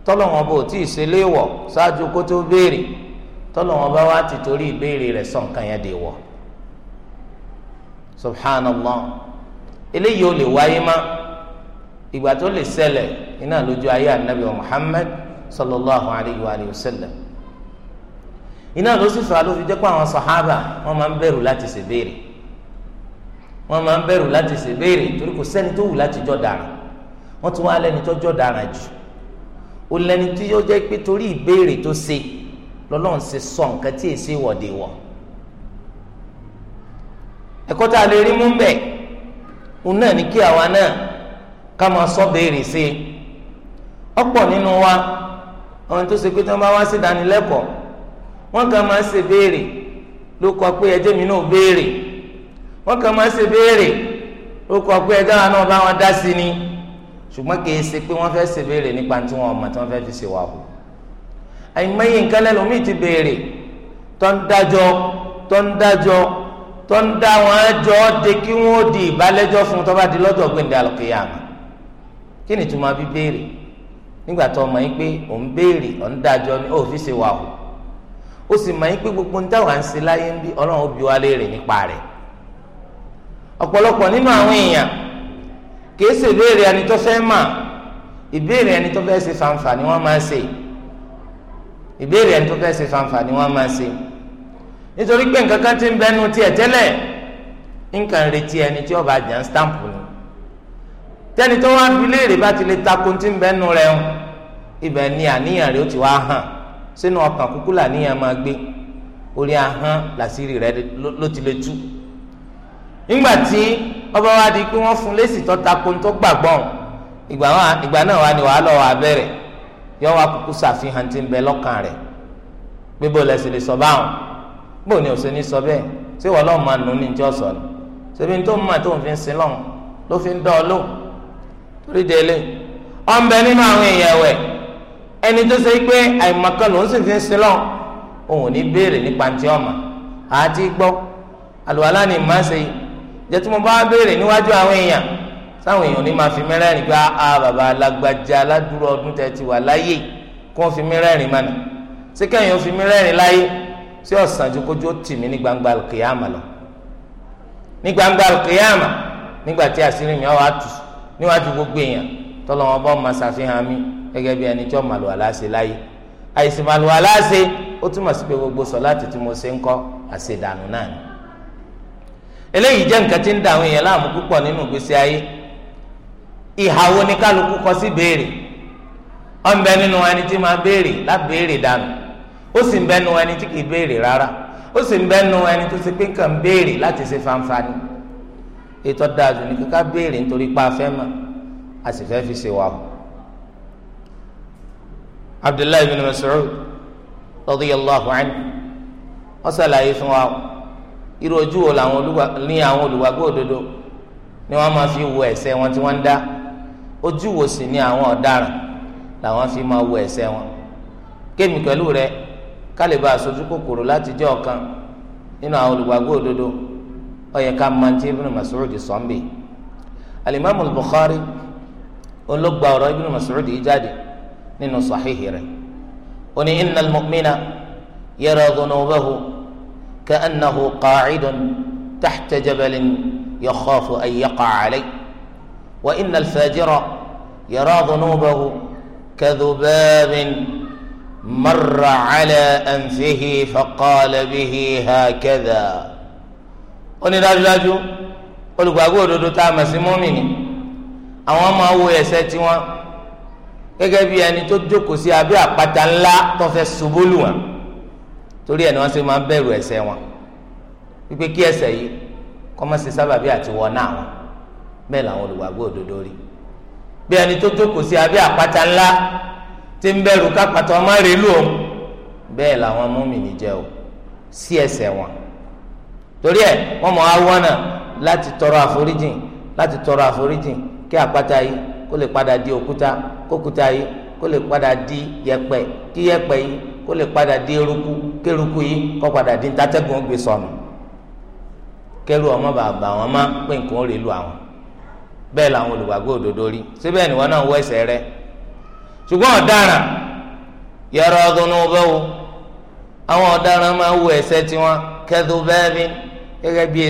tọ́lọ́wọ́n bò tí ì ṣe léèwọ̀ ṣáájú kó tó béèrè tọ́lọ́wọ́n bá wá ti torí ìbéèrè rẹ̀ sọ nǹkan yẹn dè wọ̀ subhanallah eléyìí ò lè wáyé má ìgbà tó lè ṣẹlẹ̀ iná lójú ayé anabi muhammad sallallahu alayhi wa sallam iná ló sì fà ló fi jẹ́ pé àwọn sàhábà wọ́n máa ń bẹ̀rù láti ṣèbéèrè wọ́n máa ń bẹ̀rù láti ṣèbéèrè torí kò sẹ́ni tó wù láti jọ dára wọ́n tún wá lẹ́ni tó jọ dára jù ó lẹ́ni tí yóò jẹ́ pé torí ìbéèrè tó ṣe lọ́lọ́run ṣe sọ nǹkan tí èsì wọ̀de wọ̀ ẹ̀kọ́ tá a lè rí mú bẹ́ẹ̀ òun náà ní kí àwa náà ká máa sọ béèrè sí i ọ̀pọ̀ nínú wa àwọn tó ṣe pé tí wọ́n bá wá sí ìdánilẹ́kọ̀ọ́ wọ́n kàn máa ṣe béèrè ló kọ pé ẹjẹ́ mi wọ́n kàn máa ṣe béèrè ló kọ pé wọn dá sí ni ṣùgbọ́n kì í ṣe pé wọ́n fẹ́ ṣe béèrè nípa tí wọ́n mọ̀ tí wọ́n fẹ́ fi ṣe wà àìmọye nǹkan lẹ́nu mi ti béèrè tó ń dájọ́ tó ń dájọ́ tó ń dá wọn jọ de kí wọ́n di ìbálẹ́jọ́ fún di lọ́jọ́ kí ni túmọ̀ bí béèrè nígbà tó ọmọ yín pé òun béèrè òun dájọ́ ni ó fi ṣe wà ó sì mọ̀ yín pé gbogbo ń táwọn à ń ṣe láyé ń bí ọlọ́run ó bi wá léèrè nípa rẹ̀ ọ̀pọ̀lọpọ̀ nínú àwọn èèyàn kìí ṣe ìbéèrè ẹni fẹ́ mà ìbéèrè ẹni fẹ́ ṣe fanfa ni wọ́n máa ń ṣe ìbéèrè ẹni fẹ́ ṣe fanfa ni wọ́n máa ń ṣe nítorí pé nǹkan kan ti ń bẹnu tiẹ̀ tẹ́lẹ̀ nǹkan retí ẹni tí ọba jẹ́ ń stamp ni tẹ́ni tó wá fi léèrè bá ti lè takun ti ń bẹnu rẹ̀ ibẹ̀ ni àníyàn rẹ̀ ó ti wá hàn sínú ọkàn kúkú làníyàn máa gbé orí ahọ́n làṣírí rẹ̀ ló ti lè tú nígbà tí ọba wa di pé wọ́n fún lésì tó tako tó gbàgbọ́ ìgbà náà wà ní wàhálà wà bẹ̀rẹ̀ yọ wá kúkú ṣàfihàn tí ń bẹ lọ́kàn rẹ̀ pé bó lẹ́sìn lè sọ báwọn bó ni òsè ní sọ bẹ́ẹ̀ ṣé wọ́n lọ́ọ́ máa nù ní ìjọ sọ ni ṣèbí tó ń mọ̀ tó ń fi sin lọ́hùn ló fi ń dán ọ lóhùn torí délé ọ̀ ń bẹ nínú àwọn èèyàn wẹ̀ ẹni tó ṣe pé àìmọ̀kan lòún sì fi ń sin lọ òun ò ní béèrè nípa ti ọmọ àti gbọ́ àlùwàlá ni màá ṣe jẹ́ tí mo bá béèrè níwájú àwọn èèyàn sáwọn èèyàn ní máa fi mí rẹ́rìn gba a bàbá alágbájá aládùúrò ọdún tẹ ti wà láyé kí wọ́n fi mí rẹ́rìn mọ́nà sí kẹ́yìn ó fi mí rẹ́rìn láyé sí ọ̀sán ju kójú ó tì mí ní gbangba kìyàmà lọ ní gbangba kìyàmà nígbà tí àṣírí mi ọ̀ wá tù níwájú gbogbo èèyàn tọ́lọ́ bọ́ máa ṣàfihàn mi gẹ́gẹ́ bí ẹni tí ó màlúwa láṣẹ láyé àìsí màlúwa láṣẹ ó túmọ̀ sí pé gbogbo sọ̀láàtì tí mo ṣe ń kọ́ àṣedànù náà ni eléyìí jẹ́ nǹkan tí ń da àwọn èèyàn láàmú púpọ̀ nínú ìgbésí ayé ìhàwó ni kálukú kọ sí béèrè ó ń bẹ nínú ẹni tí máa béèrè lábéèrè dànù ó sì ń bẹ nínú ẹni tí kì í béèrè rárá ó sì ń bẹ nínú ẹni tó ṣe pé nǹkan béèrè láti ṣe fanfani ètò dáadùn ní kíkà béèrè nítorí pa afẹ́ mọ̀ a sì fẹ́ fi ṣe wà abdullahi bin mas'ud radiyallahu anhu ó ṣàlàyé fún wa irú ojú wo làwọn ní àwọn olùwàgbọ́ òdodo ni wọ́n máa fi wo ẹ̀ṣẹ̀ wọn tí wọ́n ń dá ojú wo sì ni àwọn ọ̀daràn làwọn fi máa wo ẹ̀ṣẹ̀ wọn kémi pẹ̀lú rẹ kálíbà aṣojú kòkòrò láti jẹ́ ọ̀kan nínú àwọn olùgbàgbọ́ òdodo ó ká máa ti Ibn Mas'ud sọ́ńbì alimami Bukhari olóògbà ọ̀rọ̀ Ibn Mas'ud yìí jáde nínú sàhíhì rẹ̀ ó ní innal mu'mina yara dhunubahu ka annahu qa'idun tahta jabalin yakhafu an yaqa'a alayhi wa innal fajira yara dhunubahu ka dhubabin مر على أنفه فقال به هكذا onídàájúdájú olùgbàgbọ́ òdodo tá a mọ̀ sí àwọn máa wo ẹ̀ṣẹ̀ tiwọn gẹ́gẹ́ bí ẹni tó jókòó sí abẹ́ àpáta ńlá tó fẹ́ ṣubú lù wọ́n torí ẹ̀ ni wọ́n ṣe máa ń bẹ̀rù ẹ̀ṣẹ̀ wọn wípé kí ẹ̀ṣẹ̀ yìí kọ́ má ṣe sábàbí àti wọ́n náà wọn bẹ́ẹ̀ làwọn olùgbàgbọ́ òdodo rí bí ẹni tó jókòó sí abẹ́ àpáta ńlá ti ń bẹ̀rù kápátá ọmọ rẹ̀ lù ọ́n bẹ́ẹ̀ làwọn múmìnì jẹ́ o sí ẹ̀ṣẹ̀ wọn torí ẹ̀ wọ́n mọ̀ á wọ́nà láti tọrọ àforíjìn láti tọrọ àforíjìn kí àpáta yìí kó lè padà di òkúta okuta yìí kó lè padà di yẹ̀pẹ̀ kí yẹ̀pẹ̀ yìí kó lè padà di eruku kéruku yìí kó padà di ntátẹ́gùn gbé sọnù kẹrù ọmọ bàbá wọn má pé nǹkan ó lè lu àwọn bẹ́ẹ̀ làwọn olùgbàgbọ́ òdodo rí síbẹ̀ ni wọn náà wọ ẹsẹ̀ rẹ̀ ṣùgbọ́n ọ̀daràn yẹrọ ọdún ọbẹ̀ wo àwọn ọ̀daràn máa wọ ẹsẹ̀ tiwọn kẹ́dù bẹ́ẹ̀ mi bí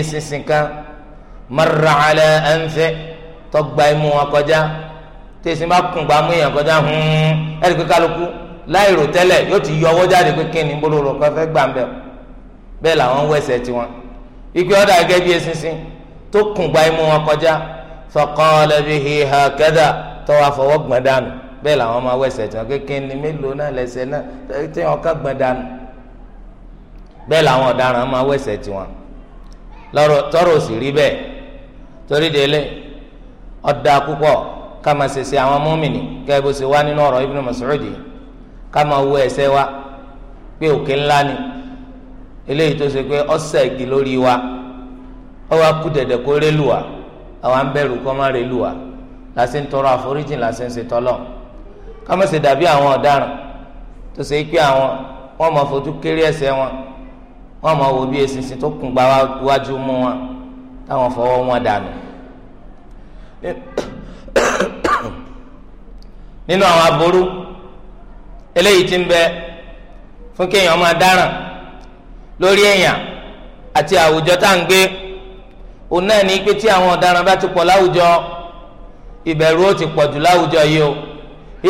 kan tọgbà wọn tẹ̀sí bá kùn gbà mú èèyàn kọjá hún ẹ̀rí pé kálukú láì rò tẹ́lẹ̀ yóò ti yọ ọwọ́ jáde pé kí ni bó ló rò kọ́ fẹ́ gbà ń bẹ̀ bẹ́ẹ̀ làwọn wẹ̀sẹ̀ tiwọn ikú ọ̀dà gẹ́gẹ́ bí eṣinṣin tó kùn gbà imú wọn kọjá faqala bihi hakadha tọ́wọ́ àfọwọ́ gbọ̀n dànù bẹ́ẹ̀ làwọn máa wẹ̀sẹ̀ tiwọn pé kí ni mélòó náà lẹ́sẹ̀ náà tí wọn ká gbọ̀n dànù bẹ́ẹ̀ làwọn ọ̀daràn máa wẹ̀sẹ̀ tiwọn tọ́rọ̀ òsì ká máa ṣèṣe àwọn mọ́mìnì gẹ́gẹ́ bó ṣe wá nínú ọ̀rọ̀ Ibn Mas'udi ká máa wo ẹsẹ̀ wa pé òkè ńlá ni eléyìí tó ṣe pé ọ̀sẹ̀ igi lórí wa ó wá kú dẹ̀dẹ̀ kó rélu wa àwa ń bẹ̀rù kó má rélu wa làṣẹ ń tọrọ àforíjì làṣẹ ń ṣe tọ́lọ̀ ká má ṣe dàbí àwọn ọ̀daràn tó ṣe pé àwọn wọn máa fojú kéré ẹsẹ̀ wọn wọn máa wo bí eṣinṣin tó kùn gbá wájú mú wọn táwọn fọwọ́ wọn dànù nínú àwọn aburu eléyìí ti ń bẹ fún kéèyàn máa dáràn lórí èèyàn àti àwùjọ tá à ń gbé òun náà ní pé tí àwọn ọ̀daràn bá ti pọ̀ láwùjọ ìbẹ̀rù ó ti pọ̀ jù láwùjọ yìí o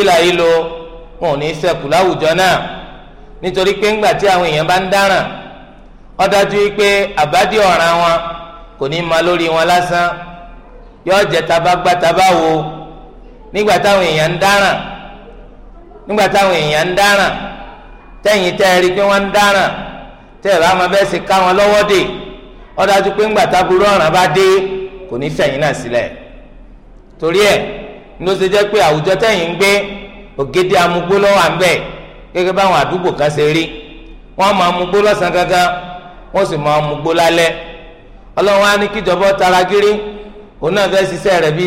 ìlà yìí lo wọn ò ní ṣẹ́kù láwùjọ náà nítorí pé ńgbà tí àwọn èèyàn bá ń dáràn ó dájú pé àbádí ọ̀ràn wọn kò ní máa lórí wọn lásán yóò jẹ́ nígbà táwọn èèyàn ń dáràn nígbà táwọn èèyàn ń dáràn tẹ̀yìn tẹ́ ẹ rí i pé wọ́n ń dáràn tẹ́ ẹ bá máa bẹ́ẹ̀ sì ká wọn lọ́wọ́ dè ó dájú pé ńgbà táburú ọ̀ràn bá dé kò ní fẹ̀yìn náà sílẹ̀ torí ẹ̀ ló ṣe jẹ́ pé àwùjọ tẹ̀yìn ń gbé ògidì amugbó lọ́wọ́ à gẹ́gẹ́ báwọn àdúgbò kan ṣe rí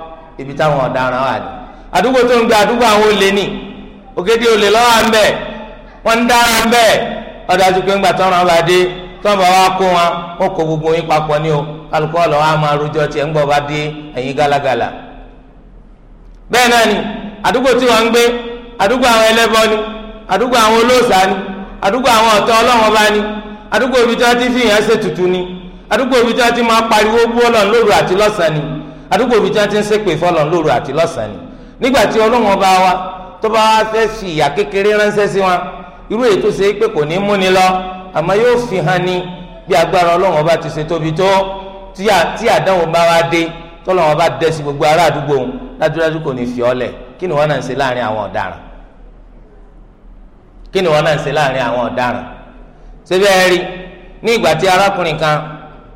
ibi táwọn ọ̀daràn wà ní àdúgbò tó ń gbé àdúgbò àwọn olè ní ògèdè olè lọ́wọ́ à ń bẹ̀ wọ́n ń dára ń bẹ̀ ọ̀dájú pé ńgbà tọ́ràn ọba dé tọ́ràn bá kó wọn wọn kó gbogbo yín papọ̀ ní o alukọ́ lọ́wọ́ máa rojọ́ tiẹ̀ bá dé ẹ̀yin bẹ́ẹ̀ náà ni àdúgbò tí wọ́n ni àdúgbò àwọn ni àdúgbò àwọn ọ̀tọ́ ni àdúgbò ibi tí wọ́n ti fi hàn ni àdúgbò ibi tí wọ́n ti máa pariwo àdúgbò ibi tí wọ́n ti ń ṣépè fọlọ́ lóru àti lọ́sàn-án ni nígbà tí ọlọ́wọ́n bá wa tó bá wá fẹ́ fi ìyà kékeré ránṣẹ́ sí wọn irú èyí tó ṣe é pé kò ní múni lọ àmọ́ yóò fi hàn ni bí agbára ọlọ́wọ́n bá ti ṣe tóbi tó tí àdánwò bá wa dé tọ́lọ́wọ́n bá dẹ́ sí gbogbo ará àdúgbò òun dájúdájú kò ní fi ọ́ kí ni wọ́n náà ń ṣe láàrin àwọn ọ̀daràn kí ni wọ́n náà ń ṣe láàrin àwọn ọ̀daràn ṣé bẹ́ẹ̀ rí ní ìgbà tí arákùnrin kan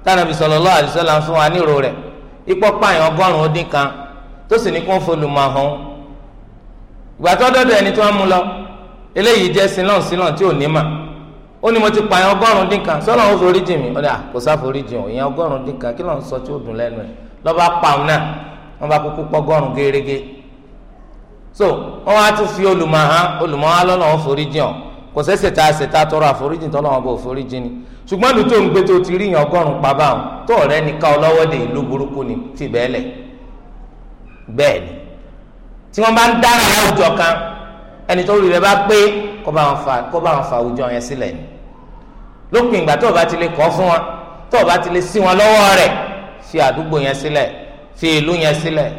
tánàbí sallallahu alaihi fún wa nírò rẹ̀ ipò pààyàn ọgọ́rùn ó dín kan tó sì ní kó ń folùmọ̀ hàn ìgbà tó dọ́dọ̀ ẹni tó ń mú lọ eléyìí jẹ́ sílọ̀n sílọ̀n tí ò ní mà ó ní mo ti pààyàn ọgọ́rùn dín kan sọ́nà ó forí jìn mí ó ní à kò sáforí jìn ò ìyẹn ọgọ́rùn dín kan kí ló ń sọ tí ó dùn lẹ́nu ẹ̀ lọ́ba pàm náà wọ́n bá kúkú pọ́ ọgọ́rùn gérégé so wọ́n wá tún fi olùmọ̀ hàn olùmọ̀ hàn lọ́nà kò sẹ́sẹ̀ tá a ṣe tá a tọrọ àforíjì tọ́lọ́ wọn bò foríjì ni ṣùgbọ́n ìlú tó ń gbé tó ti rí yàn ọgọ́rùn-ún pa báwọn tó ọ̀rẹ́ ni ká ọlọ́wọ́ de ìlú burúkú ni ti bẹ́ẹ̀ lẹ̀ bẹ́ẹ̀ ni tí wọ́n bá ń dára àwùjọ kan ẹni tó rí rẹ bá pé kó bá wọn fa àwùjọ yẹn sílẹ̀ ni lópin ìgbà tó o bá ti lè kọ́ fún wọn tó o bá ti lè sí wọn lọ́wọ́ rẹ̀ fi àdúgbò yẹn sílẹ̀ fi ìlú yẹn sílẹ̀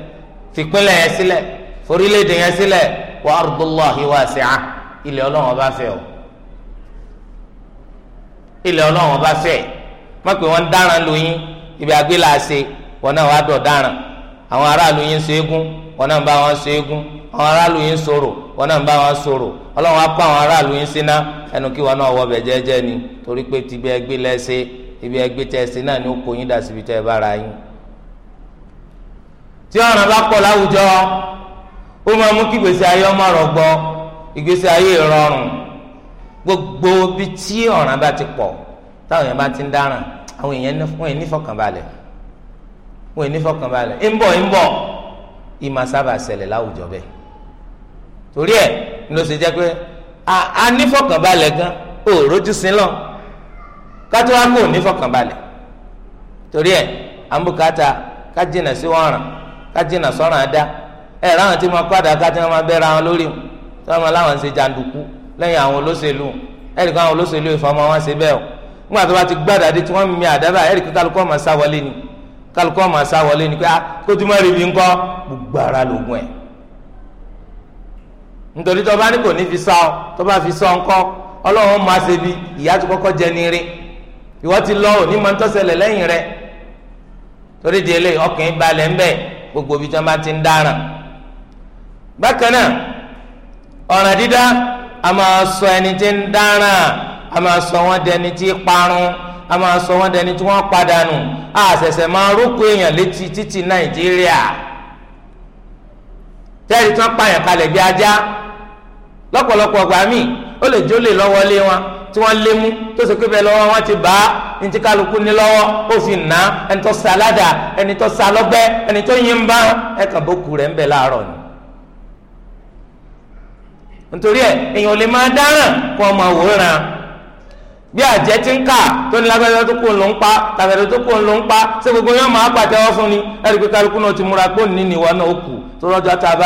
fìpínlẹ̀ yẹn sílẹ̀ forílẹ̀-èdè yẹn sílẹ̀ wa ardullahi wasi'ah ilẹ̀ ọlọ́run ọba fẹ́ o ilẹ̀ ọlọ́run ọba fẹ́ má pé wọ́n dáràn lóyún ibi àgbélà ṣe wọn náà wàá dọ̀ dáràn àwọn aráàlú yín ṣe égún wọn náà ń bá wọn ṣe égún àwọn aráàlú yín sọ̀rọ̀ wọn náà ń bá wọn sọ̀rọ̀ ọlọ́run á kó àwọn aráàlú yín síná ẹnu kí wọn náà wọ bẹ̀ jẹ́jẹ́ ni torí pé tibí ẹgbẹ́ lẹ́sẹ̀ ibi ẹgbẹ́ náà ni ó kó yín dà síbi tẹ́ ẹ yín bá pọ̀ láwùjọ ó máa mú kí gbèsè ayé ọmọ rọ̀ gbọ́ ìgbésí ayé ìrọ̀rùn gbogbo bí tí ọ̀ràn bá ti pọ̀ táwọn èèyàn bá ti ń dáràn àwọn èèyàn wọn èèyàn nífọ̀kànbalẹ̀ wọn èèyàn nífọ̀kànbalẹ̀ ń bọ̀ ń bọ̀ ìmọ̀ sábà ṣẹlẹ̀ láwùjọ bẹ́ẹ̀ torí ẹ̀ ni ṣe jẹ́ pé a nífọ̀kànbalẹ̀ gan o rojú sí lọ kátó wá torí ẹ̀ àmúkàtà ká sí wọn ràn ká sọ́ràn ẹ̀ ráhùn tí mo tí wọ́n máa láwọn ń ṣe jàǹdùkú lẹ́yìn àwọn olóṣèlú ẹ̀rí kan àwọn olóṣèlú ìfọ̀mọ́ wọn ṣe bẹ́ẹ̀ o nígbà tó bá ti gbàdá dé tí wọ́n mi àdábà ẹ̀rí kan kálukọ́ máa sá wọlé ni kálukọ́ máa sá wọlé ni pé ah, kótúmọ̀ rí mi ńkọ́ gbogbo ara lògùn ẹ̀ nítorí tó bá ní kò ní fi sá ọ tó bá fi sá ọ ọlọ́run máa ṣe bí ìyá tó kọ́kọ́ jẹ ní rí ti lọ òní máa ń tọ́sẹ̀lẹ̀ lẹ́yìn rẹ̀ torí di eléyìí ọkàn ìbalẹ̀ ńbẹ gbogbo ibi tí wọ́n bá ti ń dáràn bákan náà ọ̀ràn dídá a máa sọ ẹni tí ń dáràn a máa sọ wọn dẹni tí parun a máa sọ wọn dẹni tí wọn padànù a ṣẹ̀ṣẹ̀ máa rókò èèyàn létí títí nàìjíríà tẹ́lẹ̀ tí wọ́n pààyàn kalẹ̀ bí ajá lọ́pọ̀lọpọ̀ ọgbà míì ó lè jólè lọ́wọ́lé wọn tí wọ́n lé mú tó ṣe pé bẹ́ẹ̀ lọ́wọ́ wọn ti bá ní ti kálukú ní lọ́wọ́ ó fi nà ẹni tó sa ládàá ẹni tó sa lọ́gbẹ́ ẹni tó yín bá ẹ̀ka bókù rẹ̀ ń bẹ láàárọ̀ ni. nítorí ẹ èèyàn ò lè máa dáràn kó ọmọ àwòrán bí àjẹ́ ti ń kà tó ní lágbàdo tó kó ń lò ń pa tàbẹ̀dẹ tó kó ń lò ń pa ṣé gbogbo yẹn máa fún ni pé kálukú náà ti múra pé òní náà ó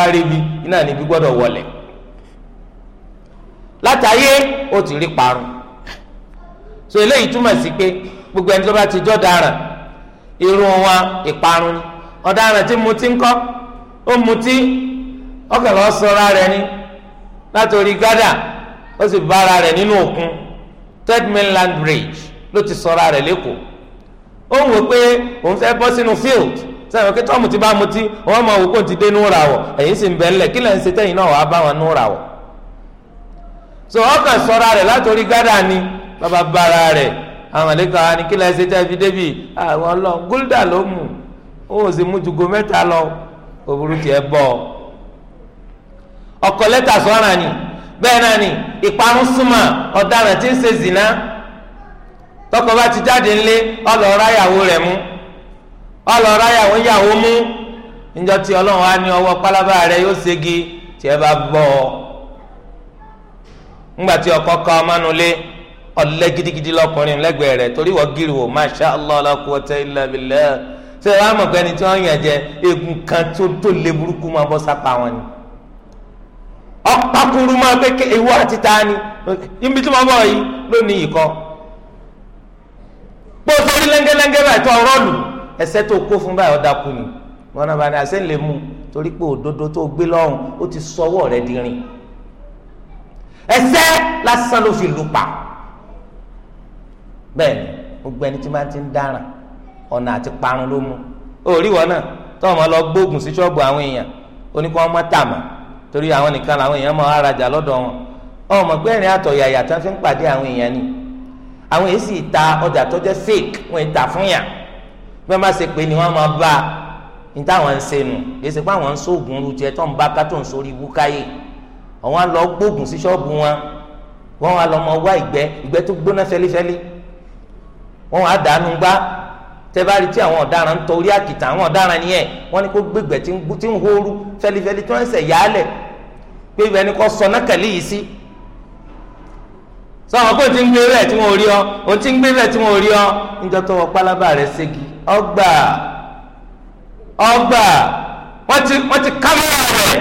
a bi iná níbi gbọ́dọ̀ látàyé ti rí parun so eléyìí túmọ̀ sí gbogbo ẹni tó bá ti dáràn irun wa ìparun ni ọ̀daràn tí mutí ń kọ́ ó mutí ọkàn látòrí gádà ó sì bára rẹ̀ nínú òkun third mainland bridge ló ti sọra rẹ̀ lẹ́kọ̀ọ́ ó ń wò pé òun fẹ́ bọ́ sínú field sẹ́wọ̀n kí tọ́ọ̀mù ti bá mutí wọ́n máa wò kó ti dé núra wọ̀ ẹ̀yìn sì ń bẹ̀ ńlẹ̀ kí lẹ́ ń ṣe tẹ́yìn náà wàá bá wọn núra wọ̀ so ọkàn sọra rẹ̀ látòrí gádà ni bàbá bára rẹ̀ àwọn àlekà wa ni kí lẹ́sẹ̀ tẹ́ fi débi àwọn ọlọ́ọ̀ gúldà ló mú ó sì mú ju go mẹ́ta lọ òbúrú tiẹ̀ bọ̀ ọ́ ọkọ lẹ́tà sọra ni bẹẹ náà ni ìparun tọkọ bá ti jáde ńlé ọlọ́ọ̀rá yàwó rẹ̀ mú ọlọ́ọ̀rá yàwó yàwó mú níjọ́ tí ọlọ́run á ní ọwọ pálábá rẹ̀ yóò ṣègi tí ẹ bá gidigidi lọkùnrin lẹ́gbẹ̀ẹ́ torí masha allah ọ̀pákùrú máa kéke ewu àti tani ibi tí wọ́n bọ̀ yìí lónìí ìkọ́ pé lẹ́ngẹ́lẹ́ngẹ́ báyìí tó rọ́ọ̀lù ẹsẹ̀ tó kó fún báyìí ọ̀dà kù wọn lè mú torí pé òdodo tó gbé lọ́rùn ó ti sọwọ́ rẹ̀ di rìn ẹsẹ̀ lásán ló fi lù pa gbogbo ẹni tí máa ti ń dáràn ọ̀nà àti parun ọmọ torí àwọn nìkan làwọn èèyàn máa arajà lọ́dọ̀ wọn ọmọ gbẹ́rin àtọ̀yàyà tí wọ́n fi ń pàdé àwọn èèyàn ni àwọn èyí sì ta ọjà tó jẹ́ fake wọ́n ń tà fún yà bí wọ́n bá ṣe pé ni wọ́n máa bá ní táwọn ń ṣe nù kìí ṣe pé àwọn ń sóògùn ru jẹ tó ń bá ká tó ń sórí ibú káyè àwọn á lọ gbóògùn sí ṣọ́ọ̀bù wọn wọ́n á lọ wá ìgbẹ́ ìgbẹ́ tó gbóná fẹ́lífẹ́lí wọ́n á dànù gbá tẹ́bárí tí àwọn ọ̀daràn ń torí àkìtà àwọn ọ̀daràn nìyẹn wọ́n ní kó gbégbé tí ń hóoru fẹ́lifẹ́li tí wọ́n ń sẹ̀ yálẹ̀ pé ibẹ̀ ni kò sọ nákàlí yìí sí. sọ̀rọ̀ kó o ti ń gbé bẹ́ẹ̀ tí wọ́n ò rí ọ o ti ń gbé bẹ́ẹ̀ tí wọ́n ò rí ọ níjọ́ tó wọ pálábà rẹ̀ ségi ọgbà ọgbà wọ́n ti kámẹ́rà rẹ̀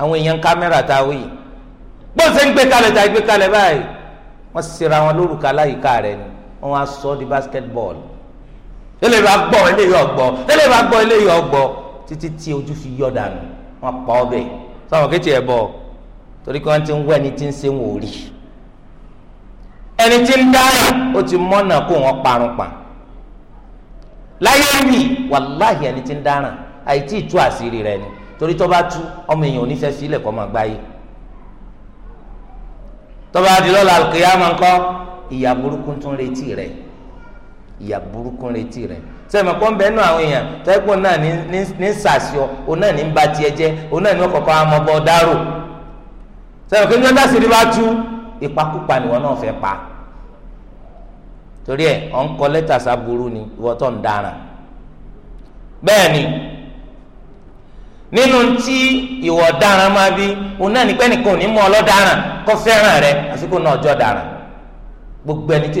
àwọn èèyàn kámẹ́rà tá a wí bó ṣe ń gbé kalẹ̀ tá a gbé kalẹ̀ báyìí wọ́n sira wọn lórúkọ aláyìíká rẹ̀ ni wọ́n á sọ di basketball eléyìí bá gbọ́ eléyìí ọgbọ́ eléyìí bá gbọ́ eléyìí ọgbọ́ títí tí ojú fi yọ dànù wọn pa ọbẹ̀ sọ̀rọ̀ kéèké ẹ̀ bọ̀ torí kí wọ́n ti ń wẹ́ ẹni tí ń ṣe wọn ẹni tí ń dáná ó ti mọ́nà kó wọn parun pa láyé rí wàláhì ẹni tí ń dáná àìtí ìtú àṣírí rẹ ni torí tó bá tú ọmọ èèyàn onífẹ́ sílẹ̀ kọ́ máa gbáyé tó bá di lọ́la kìí àmọ́ ńkọ́ ìyà burúkú tún retí rẹ̀ ìyà burúkú retí rẹ sẹ́mi kọ́ ń bẹ́ẹ̀ nù àwọn èèyàn tẹ́gbọ́n náà ní sàṣọ òun náà ní ba tiẹ̀ jẹ́ òun náà ní ọkọ̀ọ̀kan amọ̀bọ dárò sẹ́mi kí wọ́n dásìrì bá tú ìpakúpa ni wọ́n náà fẹ́ pa torí ẹ̀ ọ̀n kọ́ lẹ́tà sábúrú ni ìwọ́ tó ń dáràn bẹ́ẹ̀ ni nínú tí ìwọ̀ dáràn máa bí òun náà ní pẹ́ẹ́nìkan ò ní mọ ọlọ́daràn kọ́ fẹ́ràn rẹ àsìkò náà ọjọ́ dáràn gbogbo ẹni tí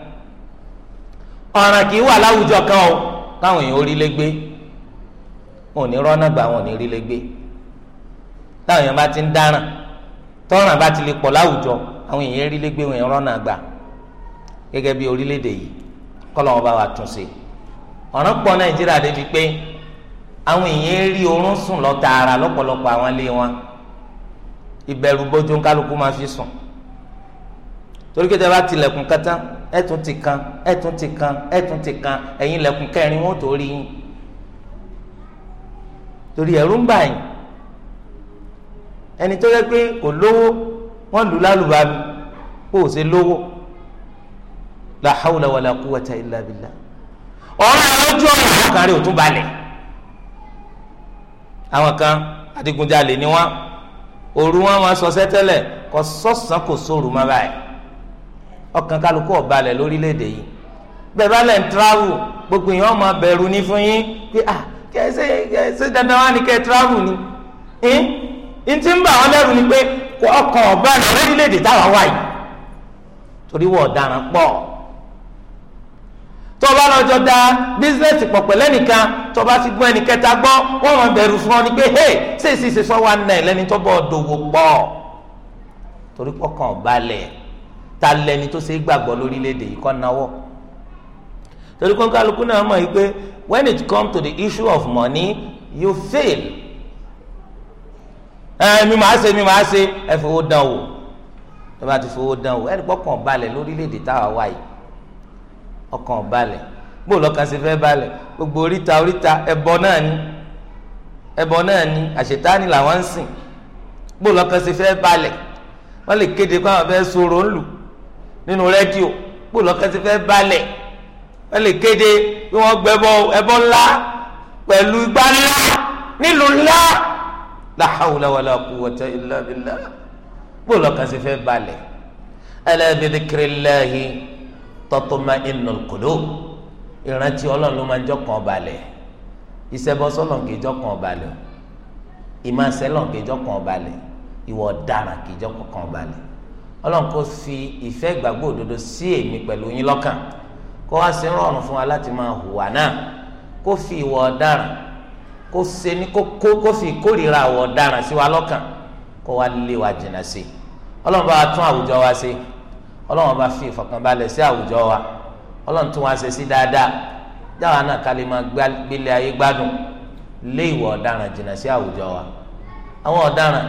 ọ̀ràn kì í wà láwùjọ kan o káwọn èèyàn orí lé gbé wọn ò ní rọ́nà gbà wọn ò ní rí lé gbé táwọn èèyàn bá ti ń dáràn tọ́ràn bá ti lè pọ̀ láwùjọ àwọn èèyàn rí lé gbé wọn èèyàn rọ́nà gbà gẹ́gẹ́ bí orílẹ̀-èdè yìí kọ́lọ́ wọn bá wa tún ṣe ọ̀ràn pọ̀ nàìjíríà débi pé àwọn èèyàn rí oorun sùn lọ tààrà lọ́pọ̀lọpọ̀ àwọn ilé wọn ìbẹ̀rù bójú kálukú máa fi sùn torí kí ẹtún ti kan ẹtún ti kan ẹtún ti kan ẹ̀yin lẹ̀kùn kẹrin wọn tó rí yín torí ẹ̀rù ń bà yín ẹni tó yẹ pé kò lówó wọn lù lálùbami kó o ṣe lówó la hawla wala quwwata illa billah ọ̀rọ̀ àwọn ojú ọ̀rọ̀ àkàrẹ̀ òtún balẹ̀ àwọn kan adigunjalè ni wọn òru wọn wọn sọ sẹtẹlẹ kò sọsàn kò sóru má báyìí ọkàn kálukú ò èdè yìí bẹ́ẹ̀ bá lẹ̀ ń travel gbogbo máa ní fún yín pé ah kẹsẹ kẹsẹ dandan ní kẹ ni n ti ń bà wọn lẹ́rù ni pé ọkàn ò balẹ̀ èdè táwa wà yìí torí tọba lọjọ da bísínẹsì tọba ti ẹnìkẹta wọn máa fún ọ ni pé hey sọ nà ẹ lẹni ta lẹni tó ṣe é gbàgbọ́ lórílẹ̀‐èdè yìí kọ́ náwó torí kó kálukú náà mọ̀ yìí pé when it comes to the issue of money you fail ẹ mi máa ṣe mi máa ṣe ẹ fowó dán wò ẹ bá ti fowó dán wò ẹni gbọ́kàn balẹ̀ lórílẹ̀‐èdè táwa wà yìí ọkàn balẹ̀ bó lọ́kàn ṣe fẹ́ balẹ̀ gbogbo oríta oríta ẹbọ náà ni ẹbọ náà ni àṣetáni làwọn ń sìn bó lọ́kàn ṣe fẹ́ balẹ̀ wọ́n lè kéde pé àwọn fẹ́ sọ̀rọ̀ ńlù nínú rédíò kó lọ́kàn ti fẹ́ balẹ̀ wọ́n lè kéde bí wọ́n gbẹ́bọ ẹbọ ńlá pẹ̀lú igbá ńlá nílùú ńlá la hawla wala quwwata illa billah kó lọ́kàn ti fẹ́ balẹ̀ ala bi dhikrillahi tatma'innul qulub ìrántí ọlọ́run ló máa ń jọ́kàn balẹ̀ ìṣẹ́bọ́sọ́lọ̀ kì í jọ́kàn balẹ̀ ìmọ̀ọ́sẹ́lọ̀ kì í jọ́kàn balẹ̀ ìwọ ọ̀daràn kì í jọ́kàn balẹ̀ ọlọ́run kò fi ìfẹ́ ìgbàgbọ́ òdodo sí èmi pẹ̀lú yín lọ́kàn kó wá sí rọrùn fún wa láti máa hùwà náà kó fi ìwà ọ̀daràn kó ṣe ní kókó kó fi ìkórìíra àwọ̀ ọ̀daràn sí wa lọ́kàn kó wá lé wa jìnnà sí i ọlọ́run bá wa tún àwùjọ wa ṣe ọlọ́run bá fi ìfọ̀kànbalẹ̀ sí àwùjọ wa ọlọ́run tún wa ṣe sí dáadáa jáwa náà ká lè máa gbélé ayé gbádùn lé ìwà ọ̀daràn jìnnà sí àwùjọ wa àwọn ọ̀daràn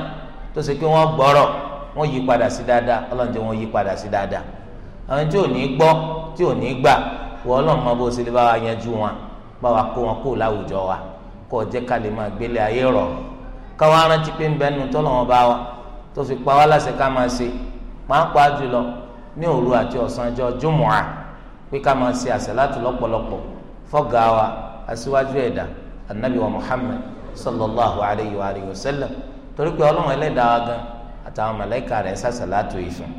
tó ṣe pé wọ́n gbọ́rọ̀ wọ́n yí padà sí dáadáa ọlọ́run jẹ́ wọ́n yí padà sí dáadáa àwọn tí ò ní gbọ́ tí ò ní gbà wọ́n ọlọ́run máa bó ṣe lè bá wa yanjú wọn bá wa kó wọn kó láwùjọ wa kó o ká lè máa gbélé ayé rọ̀ káwọn arántí pé ń bẹ́ẹ̀ nu tọ́lọ̀ bá wa tó fi pa wá láṣẹ ká máa ṣe pàápàá jùlọ ní òru àti ọ̀sán ọjọ́ jùmùà pé ká máa ṣe àṣàlátù lọ́pọ̀lọpọ̀ fọ́gà wa aṣíwájú ẹ̀dá anabi wa sallallahu alayhi wa sallam torí pé ọlọ́run ẹlẹ́dàá wa gan àtàwọn mọ̀lẹ́kà rẹ̀ sàṣàlátù yìí fún.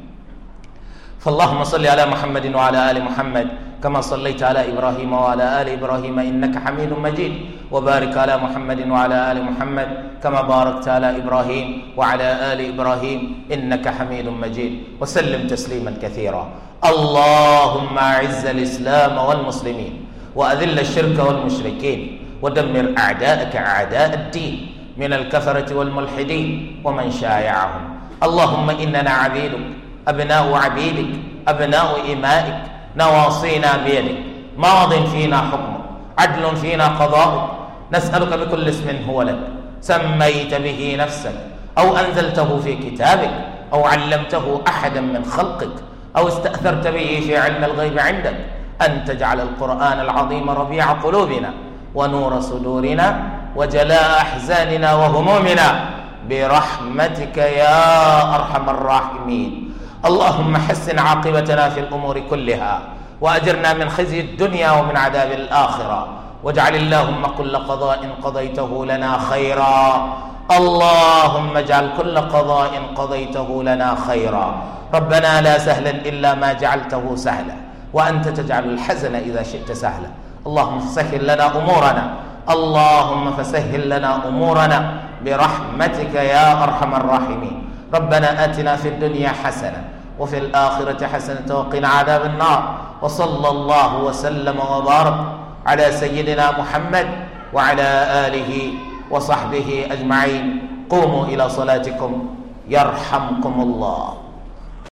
فاللهم صل على محمد وعلى آل محمد كما صليت على إبراهيم وعلى آل إبراهيم إنك حميد مجيد وبارك على محمد وعلى آل محمد كما باركت على إبراهيم وعلى آل إبراهيم إنك حميد مجيد وسلم تسليما كثيرا اللهم أعز الإسلام والمسلمين وأذل الشرك والمشركين ودمر أعداءك أعداء الدين من الكفرة والملحدين ومن شايعهم اللهم إننا عبيدك أبناء عبيدك أبناء إمائك نواصينا بيدك ماض فينا حكمك عدل فينا قضاؤك نسألك بكل اسم هو لك سميت به نفسك أو أنزلته في كتابك أو علمته أحدا من خلقك أو استأثرت به في علم الغيب عندك أن تجعل القرآن العظيم ربيع قلوبنا ونور صدورنا وجلاء أحزاننا وهمومنا برحمتك يا أرحم الراحمين اللهم حسن عاقبتنا في الأمور كلها وأجرنا من خزي الدنيا ومن عذاب الآخرة واجعل اللهم كل قضاء قضيته لنا خيرا اللهم اجعل كل قضاء قضيته لنا خيرا ربنا لا سهلا إلا ما جعلته سهلا وأنت تجعل الحزن إذا شئت سهلا اللهم سهل لنا أمورنا اللهم فسهل لنا أمورنا برحمتك يا أرحم الراحمين ربنا آتنا في الدنيا حسنة وفي الآخرة حسنة وقنا عذاب النار وصلى الله وسلم وبارك على سيدنا محمد وعلى آله وصحبه أجمعين قوموا إلى صلاتكم يرحمكم الله